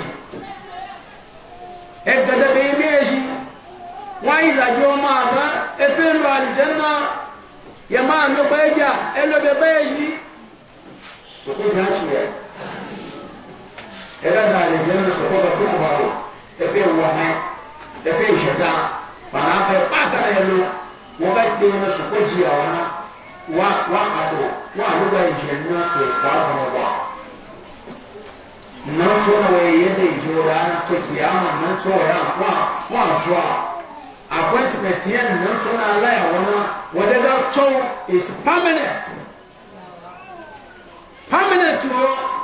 ya gada da ya meji wani zage wa ma ga ya fi aljanna ya ma lura bayya ya lura bayyi su ko ya ce ɛna e na aljanna sɔkɔ bɛ tugu ba do ɛfɛ wɔmɛ ɛfɛ hyɛsa bana fɛ paata na wɔn bɛ kpe na sɔkɔ gyi a wɔn wa wa ato wa alo ba aljanna fɛ wa bɔn wa nanso na wɔyɛ yɛ de yi wɔ ya na tɔki ya wɔ ya wa wa zɔ a appointment yɛn nanso na ala yɛ wɔn na wɔde da tɔw is permanent permanent wɔ.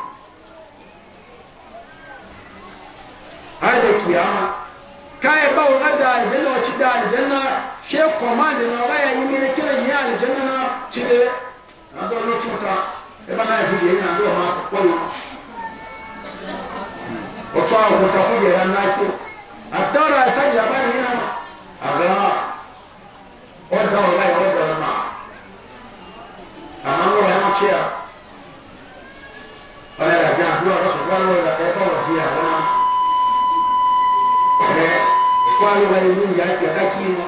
ayda kiyama kai ba wa da aljanna wa ci da aljanna she koma da na raya yi mene kira ni aljanna na ci de na do no chuta e ba na yi yi na do ma sa ko yo o to a ko ta ko ya na ko adara sa ya ba ni na aga o da o la o da ma ama no ya ci ya ala ya ja do ro so ko ro ya ko ro ji ya na kwari wa ilu ya ya kaki na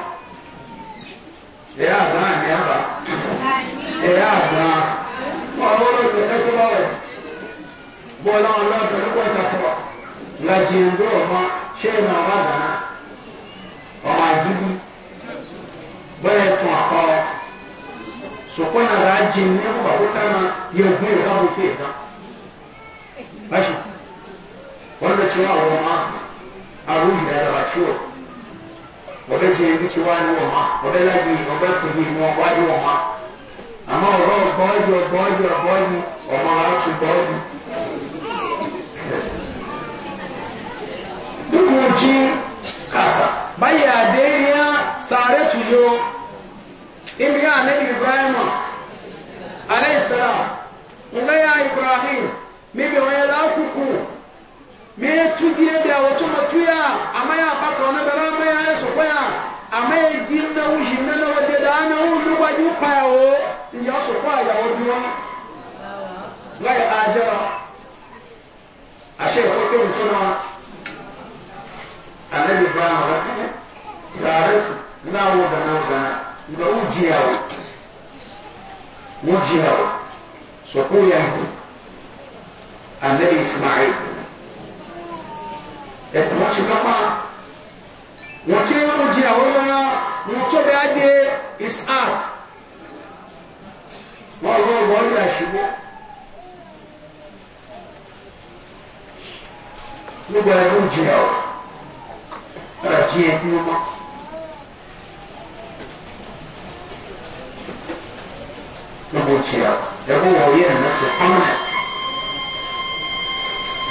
ya ba ne ya ba ya ba wa wala ko ta ko wa bola Allah ta ko ta ko la jindo ma she ma wa da wa ma jibu ba ya to ko so ko na rajin ne ba ko ta na ya gbe ba ko ke ta bashi wanda cewa wa ma a ruhi da ya ba ciwo ọbẹ jẹ ebi tí wàá ní wọn ma ọbẹ lágbe ọbẹ pèlè wọn wàá ní wọn ma àmọ ọ̀rọ̀ bọọdù bọọdù bọọdù ọmọ àti bọọdù. dukun ji kasa bayi adéyà sáré tuyo ibi yà anabi ibrahim alayhi salam nga yà ibrahim mímí wọn yà lákùkù me tu die bia wo tu matu ya ama ya pa ko na bera ama ya so ko ya ama ya gi na wu hi na na wo de da na wu lu wa ju pa o ndi ya ya wo bi wa la ya ajara ashe ko ke mu tuna anabi ba wa zare na wo da na ga ndo wu ya wu ji ya so ko ya anabi ismail ẹ̀kọ́ ti kápá wọ́n kí wọ́n jí àwọn ọlọ́yà wọ́n tó bẹ́ẹ̀ adé isaac wọ́n lọ wọ́n rí àṣìwọ́ nígbà ẹ̀rọ jí àwọn ọ̀rọ̀ jí ẹbí wọn. Gbogbo jí àwọn ẹ̀rọ wọ̀nyí ẹ̀ náà ti pamẹ́.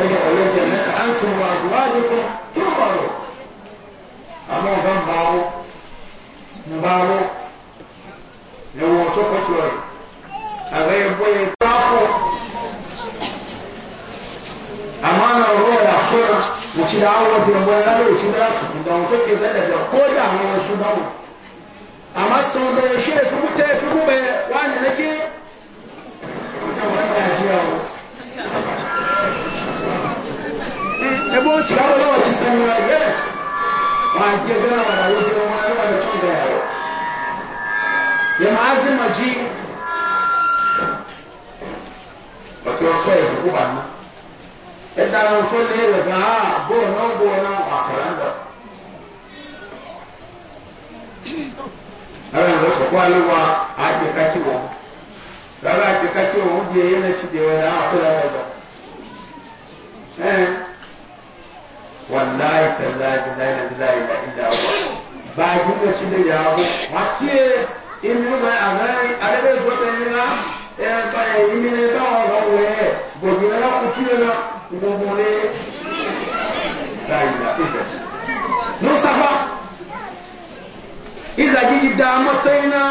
ودخلوا الجنة أنتم وأزواجكم تؤمرون أما فهم بارو مبارو لو تفتوي أغير بوي تافو أما أنا أقول أخشونا وكذا أولا في ربنا لا وكذا أخشونا ده وكذا كذا ده كودا هو شبابه أما سوف يشير في متى في مبه وأنا لكي وكذا أجيه no ci gaba yawa ci sani wa yes wa ke gana wa rayu ke wa yawa da cin da yawa ya ma'azin maji wato ya tsoye da kuba na ya dara wato ne da ga bo na bo na wasaran da ara da su kwali wa a ke kaki wa da ba ke kaki wa wuje yana ci da wani a kula da eh wallahi tallahi billahi la ilaha illa huwa ba gunga da ya bu matie in mu ma agai arabe zo ta nina eh ba in ne ba wa we bo ni na ku ti na ngo mo ne la no safa iza ji da mataina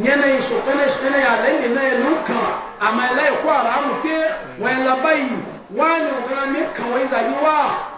yanayin shokane shokane ya lalle na ya nuka amma ya lai kwara mu ke wani labai wani wani kawai zagi wa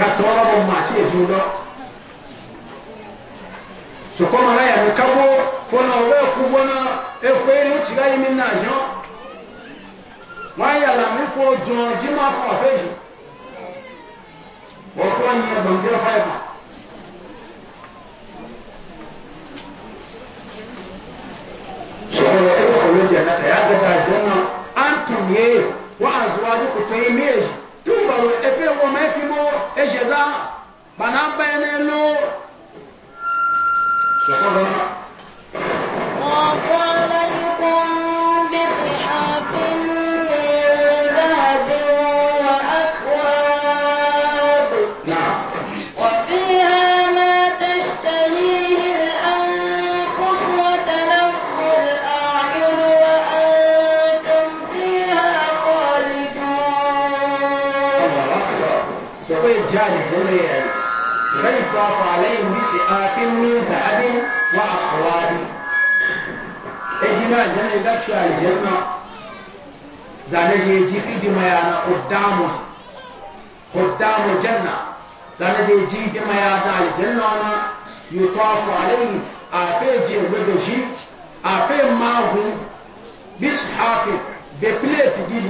katɔɔrɔ bɔ maa kí edu lɔ sokɔma la yàrá kabo fɔnà o bɛ ku bɔnà efo yi ni o tiga yi mi nà yɔ wọn yàrá mi fɔ jɔn jimá fún wa fɛ yi wọ́n fún wa nyiya gbàngbé fáyìmà. sɔkɔlɔ e bɛ kɔlɔ jɛnɛ ta y'a kɛ taa jɛnɛ an tun ye wa a zɔn a bɛ kutu ye túbọ̀rọ̀ ẹgbẹ́ wọn mẹ́fì mọ́ ẹ̀ṣẹ̀ sá bàná bẹ́ẹ̀ ní lọ. sọ̀kọ́ lọ. ọ̀pọ̀ ọlọ́yìn سوى جال جنيا فيطاف عليهم بشعاف من ذهب وأقوال إجنا جنة قبشة الجنة زانه يجي في جمعنا قدامه قدام الجنة زانه يجي جمعنا الجنة يطاف عليهم أفيجي وبجي أفي معهم بشحاف ببليت دي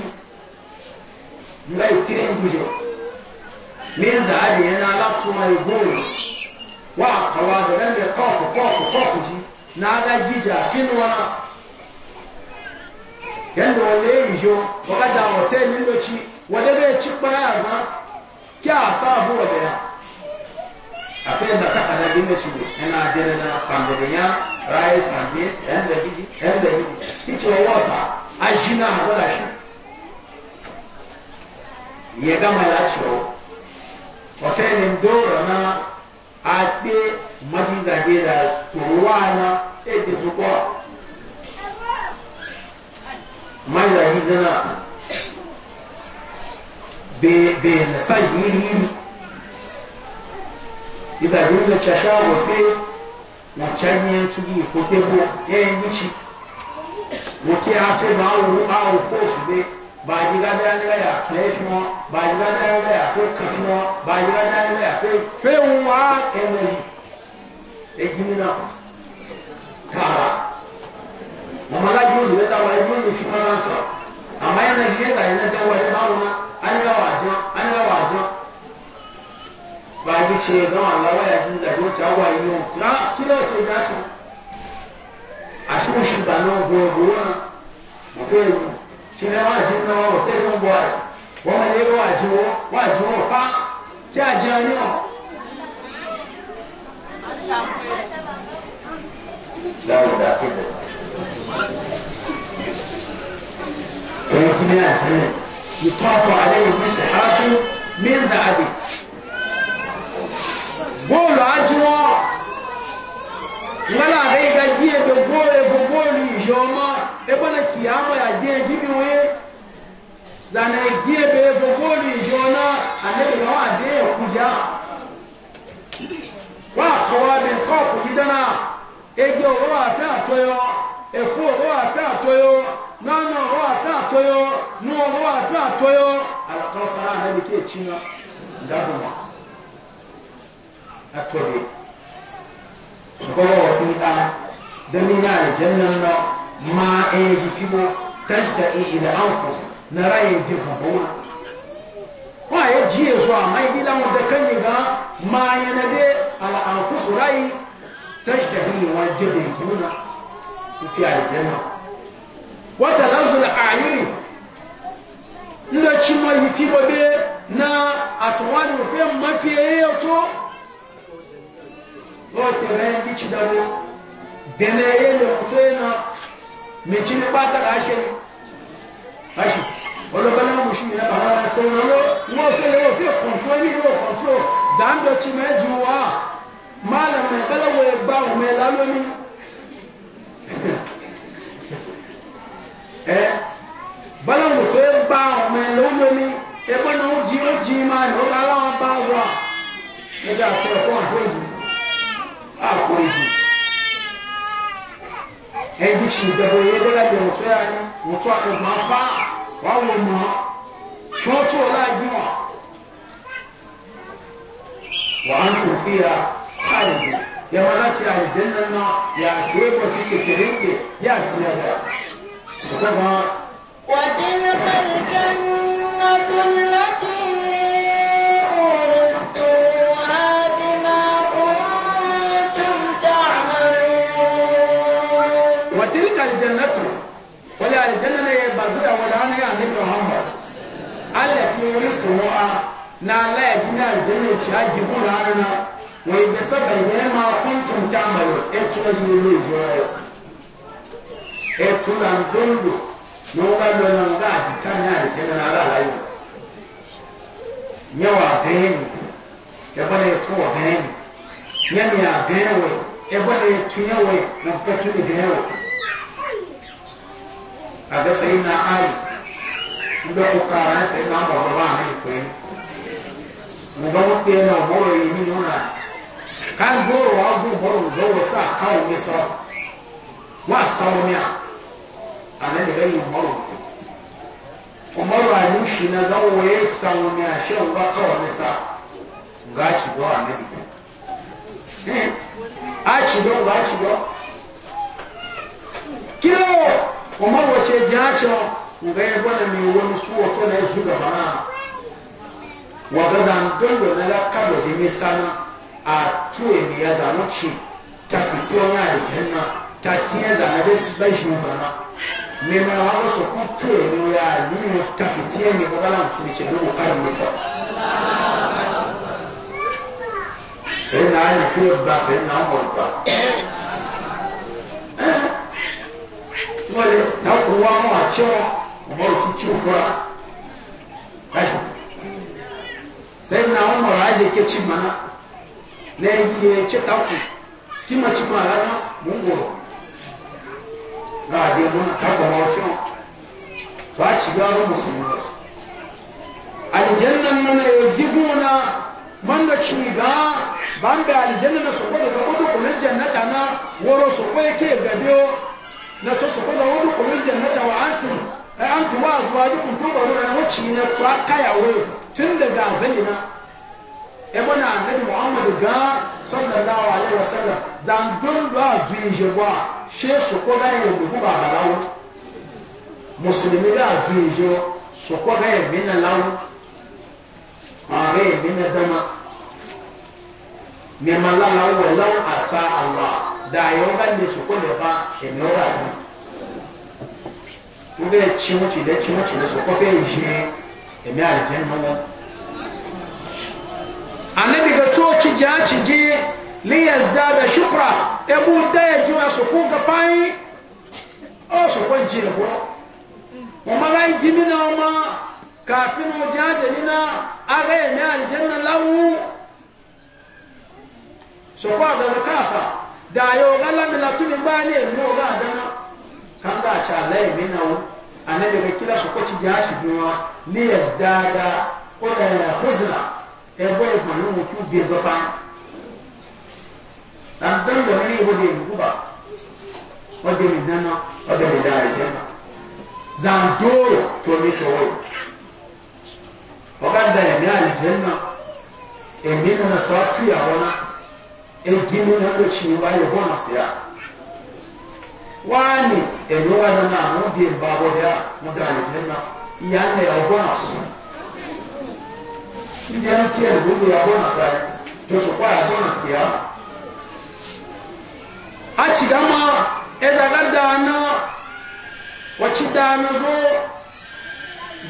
لا يترين بجو من ذهب هنا لا تصوم يقول وعقوا بغنب قاف قاف قاف ndị ناغا جيجا فين وانا yanda wanda ya yi yo waka da wata yi lokaci ci kya sa buwa da ya a da ka ana dinga shi yana dena na pandemiya rice and beans yan da gidi hotelin dora na a pe majiza de da turuwa na eke tukwa majiza hidda na be na sa yiri ida yi na casha wote na canyen tugi ko tebo yayin eh, gici wote a fe ba awu awu ko su be baajira daanira ya tee fima baajira daanira ya ko kafima baajira daanira ya ko fɛn waa ɛnɛyi egimina kaara mamala ju lu ta wa ju lu fima na tɔ ama yɛn na yi yɛn ta yɛn na ta wa yɛn ba wuna ani ka waa jɔn ani ka waa jɔn baaji tiɲɛ dɔn a lawa ya ju 现在我今天我对中国，我们一个外交，外交发，这样讲的嘛。لا مداخلة ويكون ناس يطاف عليهم بالصحاف من بعده قولوا عجوا ولا غير قلبية بقول ebe na kiyama ya je gini we zana gie be gogoli jona anabi na wa de kuja wa kawa bin kopu gidana ege o wa fe atoyo efo o wa fe atoyo nana o wa fe atoyo nu o wa fe atoyo alakan sara anabi ke china ndabuma atoyo sọgbọgbọ ọdún ká dẹmí náà jẹ nínú náà ma e jikimo tashta e ila anfus na raye jifa bona wa ya jiye so amma bila mu da kan ga ma yana de ala anfus rai tashta e wa jibe kuna fi aljanna wa talazzul a'yun ndo chimo yitimo be na atwani fe mafie yeyo to wote rayi kichidalo bene yele kutoyena meti ni pata kashe ashi olobana mo shi na ba se no fi control ni lo control zando chi me juwa mala me la lo ni [LAUGHS] eh? bala o e ji o ji ma no ba la ba wa e ẹni tí ìdẹ̀bò yẹn dẹ́gbẹ́ yẹn wọ́n tó ni wọ́n tó àgbọ̀n wà wọ̀ mọ́ tí wọ́n tó láì bí wọn. wà á tó bí ya káyọ̀ bí yà wọ́n láti àìsè nínú yà tó ẹ̀kọ́ sí kékeré ńkè yà ti yà dà. wà á dín ní pẹ̀lú kẹ́nu náà tó ní. na ala ya gina aljanna ki a gibu rana wai da saba ne ma kuntum ta mai eto ne ne jiwaye eto na dondo no ba lo na ga ta na aljanna na ala layo nyawa gani ya bane to gani nyami ya gani ya bane tunyawe na fatu ne gani a ga sai na ali inda ko kara sai na ba ba ne ko nga wo kpe na boro yi ni nuna kan boro wa gu boro do wo ka wo wa sa wo ana ni ga yi boro ko boro na ga wo ye sa wo ni ka wo ni sa za ki do a ni a ci do za ci do kilo ko ma wo che ja cho nga na wàdó nan dondo na la kabo de mi sana a tuwe mi ya da wuce ta fiti wani a ta tiye da na besi bai shi bana me na hawa so ku tuwe mi ya ni mu ta fiti mi ko galan tu ce mu kar mi sa sai na yi fiye ba sai na hanta eh? wale ta kuwa mu a cewa mu ba ci fura sai na wani mara da ke cin mana na yi ce taku kima ci mara na mungo ga da muna taku ma wasu to a ci gano musulmi aljannan nan ya gibu na man da ci ga ban da aljannan na sokwa daga wadu kunan jannata na woro sokwa yake gabe na to sokwa da wadu kunan jannata wa antum e antum wa azwajukum tubaruna wa ci na tsaka yawo tun daga zalina e mana annabi muhammad ga sallallahu alaihi wasallam zan don do a juye je wa she so ko ga yin dubu ba balawo musulmi da juye je so ko ga yin bina lawo are bina dama ne mala lawo lawo asa allah da yo ga ne so ko le ba she no ra ni ube chimuchi de chimuchi ne so ko be je ɛmɛ alijan ma na anabi ka tó kyigya kyigye liyas daada shukra ebu daya ju asoko gapan ɔsoko gyina hɔ wɔn ara gyimi na wɔn kafin wajen ajali na aga ɛmɛ alijan na lawu sɔkɔ adana kaasa daa ɔga lamina tumi gbaa ne ɛmɛ ɔga adana kan daa kyɛ ala ɛmɛ na wɔn annabi ga kila su kwaci ya shi biwa li yazdada ora ya huzna e boye ko no mu ku be baba dan dan da ni bo de ku ba o de ni nana o de da ya zan do to mi to wo o ga da ya ni aljanna e mi na to atu ya bona e gimi na ko shi wa ya bona siya wani ẹ̀rọ wa nana àwọn di ìgbà wọlé wọn dà lè tẹ́lẹ̀ náà ìyá ń lẹ̀ ọgbọ́n àṣọ ìdí ẹni tí ẹ̀rọ gbogbo ọgbọ́n àṣọ yẹn tó sọ̀kọ́ ọgbọ́n àṣọ yẹn. a ci dama ẹ̀dá ká dáná wọ́n ci dáná tó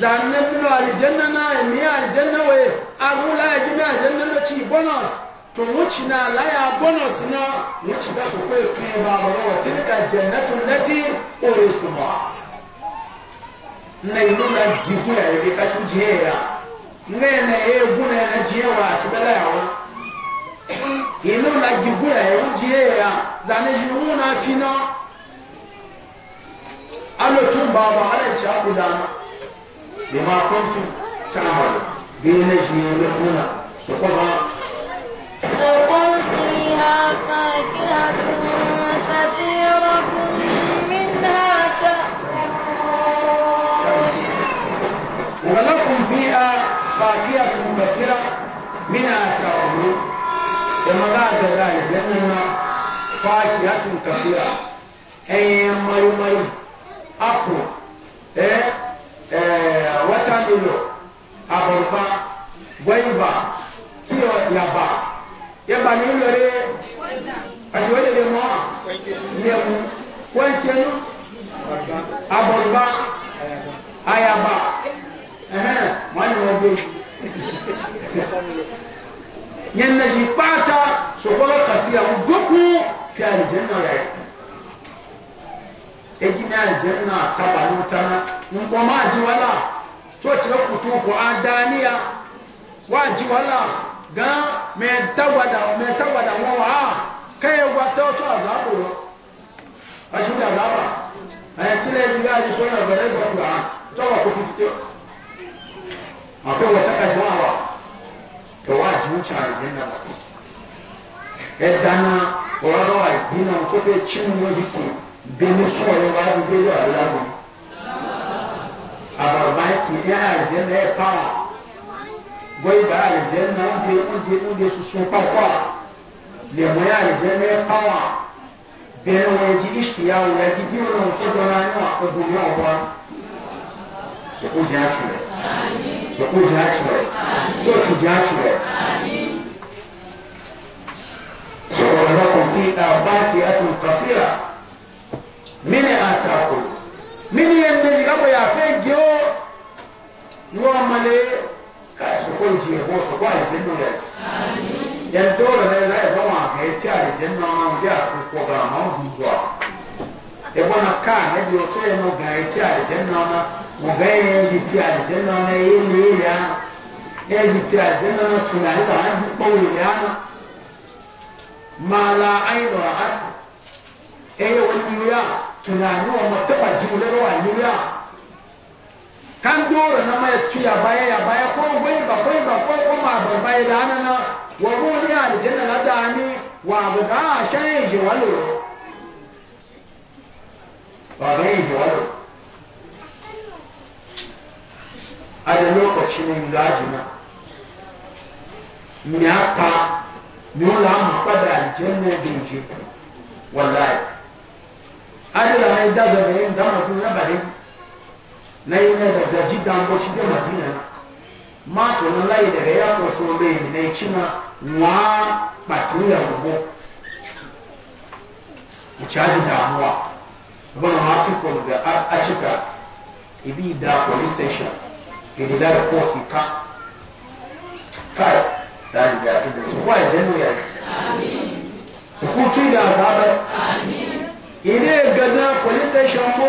zanne bulu alijanna náà ẹ̀mí alijanna wẹ̀ agunla ẹ̀dínlẹ̀ alijanna ló ci bọ́nọ̀sì. to wuce na laya bonus na wuce ga ebe kwaye tuye ba ba wa tilka jannatu lati na inu na gigu ya yi ka tu jiye ya ne na ye guna na jiye wa ci da ya wa inu na gigu ya jiye ya zane ji na fi na alo tun ba ala da bima kuntum ta'malu bi na na tuna منها فاكهة كثيرة منها تأكلون ولكم فيها فاكهة كثيرة منها تأكلون ومراد الله الجنة فاكهة كثيرة أي مي مي أبو إيه إيه وتميلو أبو با ويبا كيو يبا yẹba ní lórí àti wọ́n lè mọ́ lẹ́mu wẹ́ńkẹ́nu abọ̀lùbá ayaba wọ́n ní wọ́n gbé yẹn na yi kasi a doku fi alijanna rɛ egina alijanna taba ni tana nkɔma ajiwala tɔ kyerɛ kutu fɔ adaniya wa ajiwala gan mɛtagbada mɛtagbada wọn wa kẹyẹ wa tọ́tọ́ àzáàbò lọ aṣojú àzáàbà ẹ̀ kílẹ̀ yìí e bá yìí sọ́yìn ọ̀bẹ̀rẹ̀ sọ̀rọ̀ gbà tọ́wọ̀ kó fi tẹ́ àfẹ́wọ̀ tẹ́kasí wọn wa tọ́wọ́ àjùmọ̀tì àrùn náà ẹ̀ dáná ọ̀rọ̀ náà àìgbín náà tó bẹ́ẹ̀ tí wọn lóbi kù bẹ́ẹ̀ni sọ̀rọ̀ yẹn wá gbé yọ̀ àlágbọ̀n àbàbà ẹ̀kú yẹn àjẹ́ náà ẹ̀ pààrọ̀ goyi da aljanna wanda wanda wanda su sun kwakwa le mu ya aljanna ya kawa bayan wani ji ishtiyawo ya ji biyu na wuce gona ne a ko duniya ba so ko ji haki ne so ko ji haki ne so ko ji haki ne so wala ko fi da baki atun kasira mini atako mini yanda ji gabo ya sọ̀kọ́ ìjì ẹ̀kọ́ sọ̀kọ́ àìjẹ́ nù rẹ̀. yẹn tó kan dora na mai tuya baya ya baya ko bai ba bai ba ko kuma ba bai da anana wa ko ni aljanna na da ni wa bu ga shay ji walo wa bai ji walo a da lokaci ne lajina ni aka ni la mu fada aljanna din ji wallahi adala mai da zaba yin da mutum na bari lẹ́yìn náà dàgbà jíga ń bọ́ sí dé màdínà máa tó ní láyé dẹ̀rẹ̀ yà pọ̀ tó lé yìí ní ẹ̀kí náà wọ́n á pàtó ìyàwó bọ́ ìcháàjì dààmúwa bọ́n ibi da police station èdè dá report ká káì dáàbì bí àtúndì sọ́kọ́ ẹ̀jẹ̀ nù yẹ sọ́kọ́ tún ìdá àgbà bẹ́ẹ̀ ilé gàdá police station ko.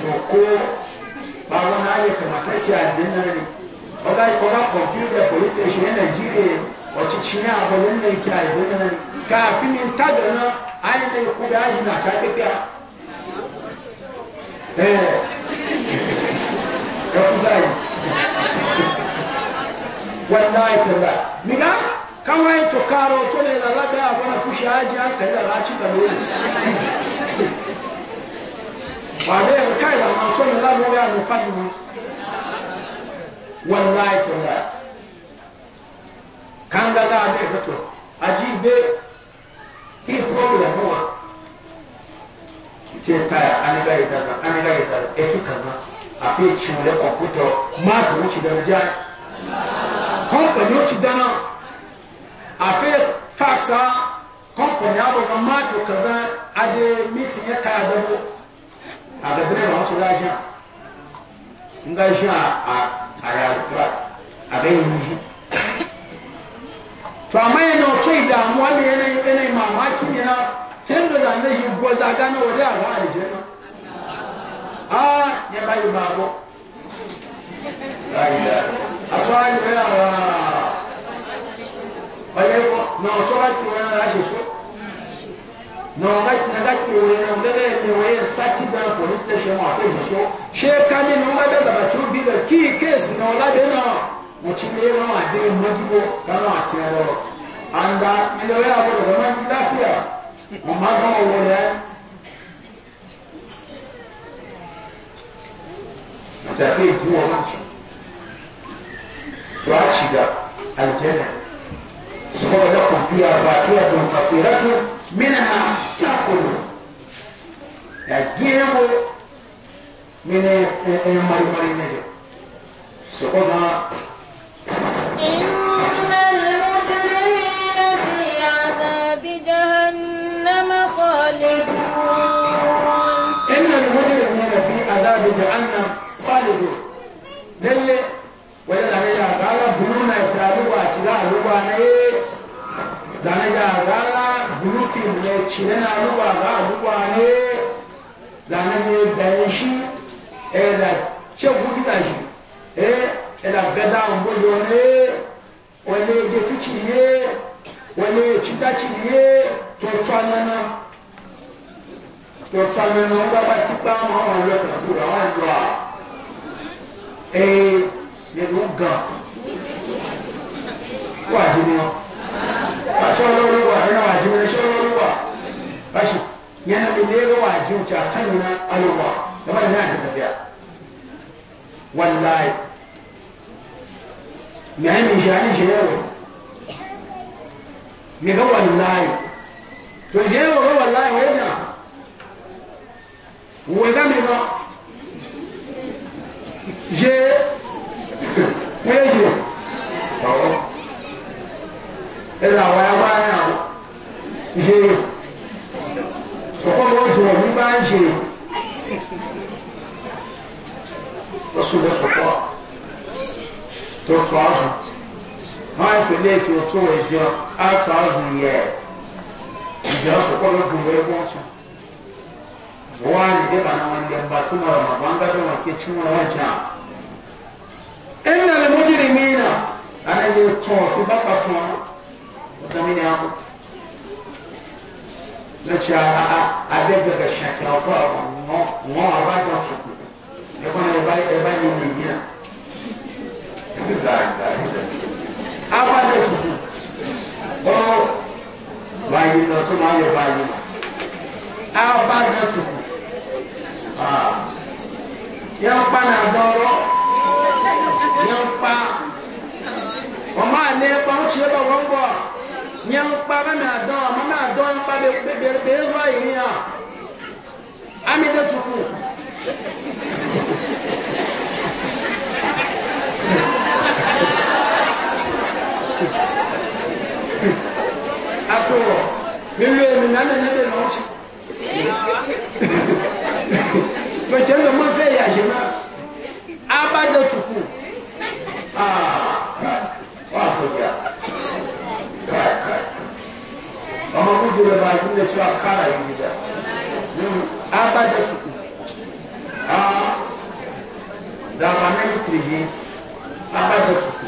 to ko ba wani hali kamata ki a dinna ne oga oga computer police station ya Nigeria wacce cinya abalin ne ki a dinna ne kafin in ta gana ayi ne ku da ayi na ta bibiya eh sai ku sai wallahi [LAUGHS] [LAUGHS] talla ni ga kawai to karo to ne da rabia bana fushi haji an kai da [LAUGHS] raci da ne wàdé nka yà máa tó mi lánàá wíwá mi fa mi wọn láì tó náà kanga náà adé ìfẹtọ àjí ibé kí pọlọ mú wa tiẹ táyà anigba yìí dáná anigba yìí dáná ẹtú kàná àfi ìtìmọ̀ lẹ kọ̀mpútọ̀ máàtì wọ́n ti dáná já kọ́mpẹ̀lì wọ́n ti dáná àfi fáksà kọ́mpẹ̀lì àbọ̀kọ̀ máàtì kàzá adé mísìnyẹ káyà dáná àbẹ̀bẹ̀rẹ̀ wọn ti láṣà nga ṣe àyàlùfà àbẹ̀yìn yìí to amma yana wato damuwa wanda yanayi yanayi mamakin yana tun da zane shi gwaza gane wa da ba a jana a ya bayi babo a to a yi bayawa bayan na wato a yi bayawa ya ce so nɔɔga naga kpewe nɔɔgɛgɛ kpewe sati bɛn polisi station wa a bɛ muso se ka di nɔɔga bɛ labatiw bi la kii keesi nɔɔga bɛ na o ti bɛ yɛlɛ a den mɔdi bɔ ka na a tiɲɛ yɔrɔ anga nɔɔga y'a bolo di lafiya o ma dɔn o wɛrɛ masakɛ ye du wɔɔrɔ ci to a ci da alijɛnɛ sɔgɔ bɛ منها تأكل يجيب من المرمر النجم سقطها إن المجرمين في عذاب جهنم خالدون إن المجرمين في عذاب جهنم خالدون للي ولا لا قال بنونا يتعلقوا أشلاء لقوا أنا قال gurupi ne cire na ruwa ga ruwa ne da na ne da shi e da ce gudu da shi e e da gada un gudu ne wani ya tuci ne wani ya ci daci ne to tsanana to tsanana wanda ba ti ba ma wani lokaci a wani ruwa e ya ruga wajen yau basoro wa ina waji wani soro wa bashi yana bi ne ga waji wuce ta nuna alwa da ba na da tafiya wallahi me hani shi hani shi yaro me ga wallahi to je ga wallahi wajna wo ga me ba je wo je ba ẹ̀rọ àwọn ẹ̀wá ẹ̀rọ ṣe sọ̀kọ́ lọ́wọ́ jẹ́ ẹ̀mí bá ń ṣe lọ́sùn lọ́sọ̀kọ́ tó tọ́ ọ̀sùn máa ń tẹ̀lé ètò tó ẹ̀jọ́ àtọ́ ọ̀sùn yẹ ìjọ sọ̀kọ́ lọ́dún ẹ̀gbọ́n ọ̀sùn wọ́n á lè bàná wọn lè bá túmọ̀ ọ̀rọ̀ wọn gbàdọ̀ wọn kí tí wọn wọ́n jà. ẹ̀yin lè mójú ni mí náà àná yóò tún bá pa fún ọ ta mini abu na ce a bɛ bɛ ka siɲɛ kɛmɛ fɔ a ma nɔ nɔ a b'a kɛ so ne kɔni e b'a e b'a ye nin yan e bɛ bila a bila e la a b'a kɛ so ɔ b'a ye nɔ to ma yɛ b'a ye a b'a kɛ so aa yan pa na dɔrɔ yan pa o ma ne ba o tiɲɛ ba wɔn bɔ nyankpa bɛ mɛ adɔn a mɛ adɔn nkpa bɛ bɛ bɛ bɛ ezɔ ayi ni a ami de tuku ato wɔ mi lu emi na ne ne bɛ na mɛ tɛ lɛ mo fɛ yajɛ na aba de tuku. jiwa ba yi da cewa kara yi gida a ba da ciki a da ba na yi tirgi a ba da ciki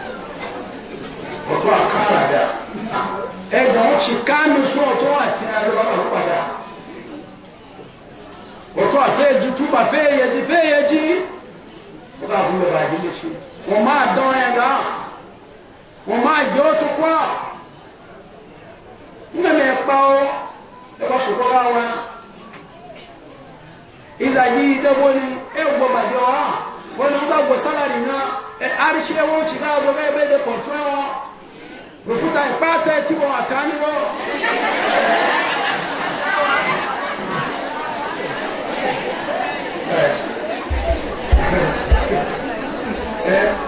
wato a kara da e da wuce kamin su wato a tinar ba a kwada wato a feji tuba feyeji feyeji ba ba yi da shi wọ́n máa dán ẹ̀ náà wọ́n máa jẹ́ ó tó kọ́ nínú ẹ̀pá ọ́ ẹ̀kọ́ ṣùgbọ́n bá wa ìdàgí ìdẹ́gbọ́ ni ẹ̀gbọ́ bàjẹ́ wa wọn ni wọ́n bá gbọ́ sálárì na ẹ̀ àríṣẹ́ wọn ti ká ọgbọ́n bẹ́ẹ̀ bẹ́ẹ̀ dẹ̀ kọ̀tún ẹ̀ wọn rùfúta ìpá tẹ́ tí wọ́n àtàánú Yeah.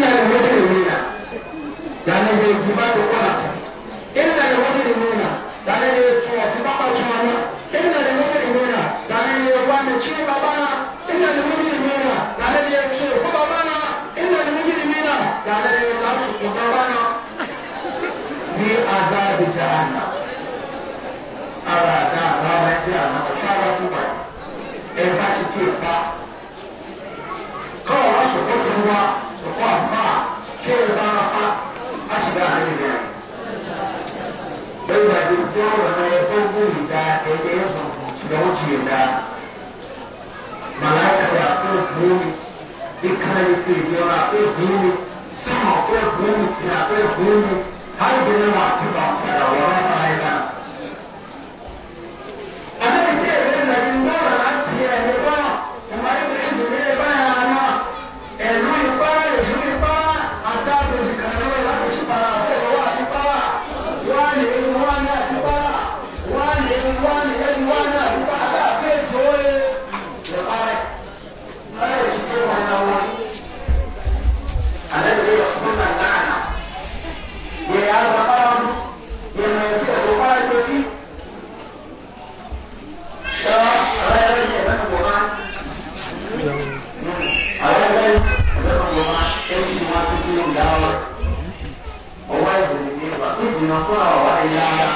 inna da wata da nuna da na da giba da wala inna da wata da nuna da na da tuwa fi ba ba tuwa na inna da wata da nuna da na da ya wani ci ba ba na inna da wata da nuna da na da ya ko ba ba na inna da wata da nuna da na da ya lafi ko ba ba na bi azabi jahannam ara da ara wa ti ara ko para ku ba e ba ti ke ba ko wa so ko wa doro ya dogo ida ede ya zogo ya wuce ida malaka ya ko buni ikara ya ke biyawa ko buni sama ko buni tiya ko buni har bi na wati ba kara wala ba သောဝိညာ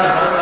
الله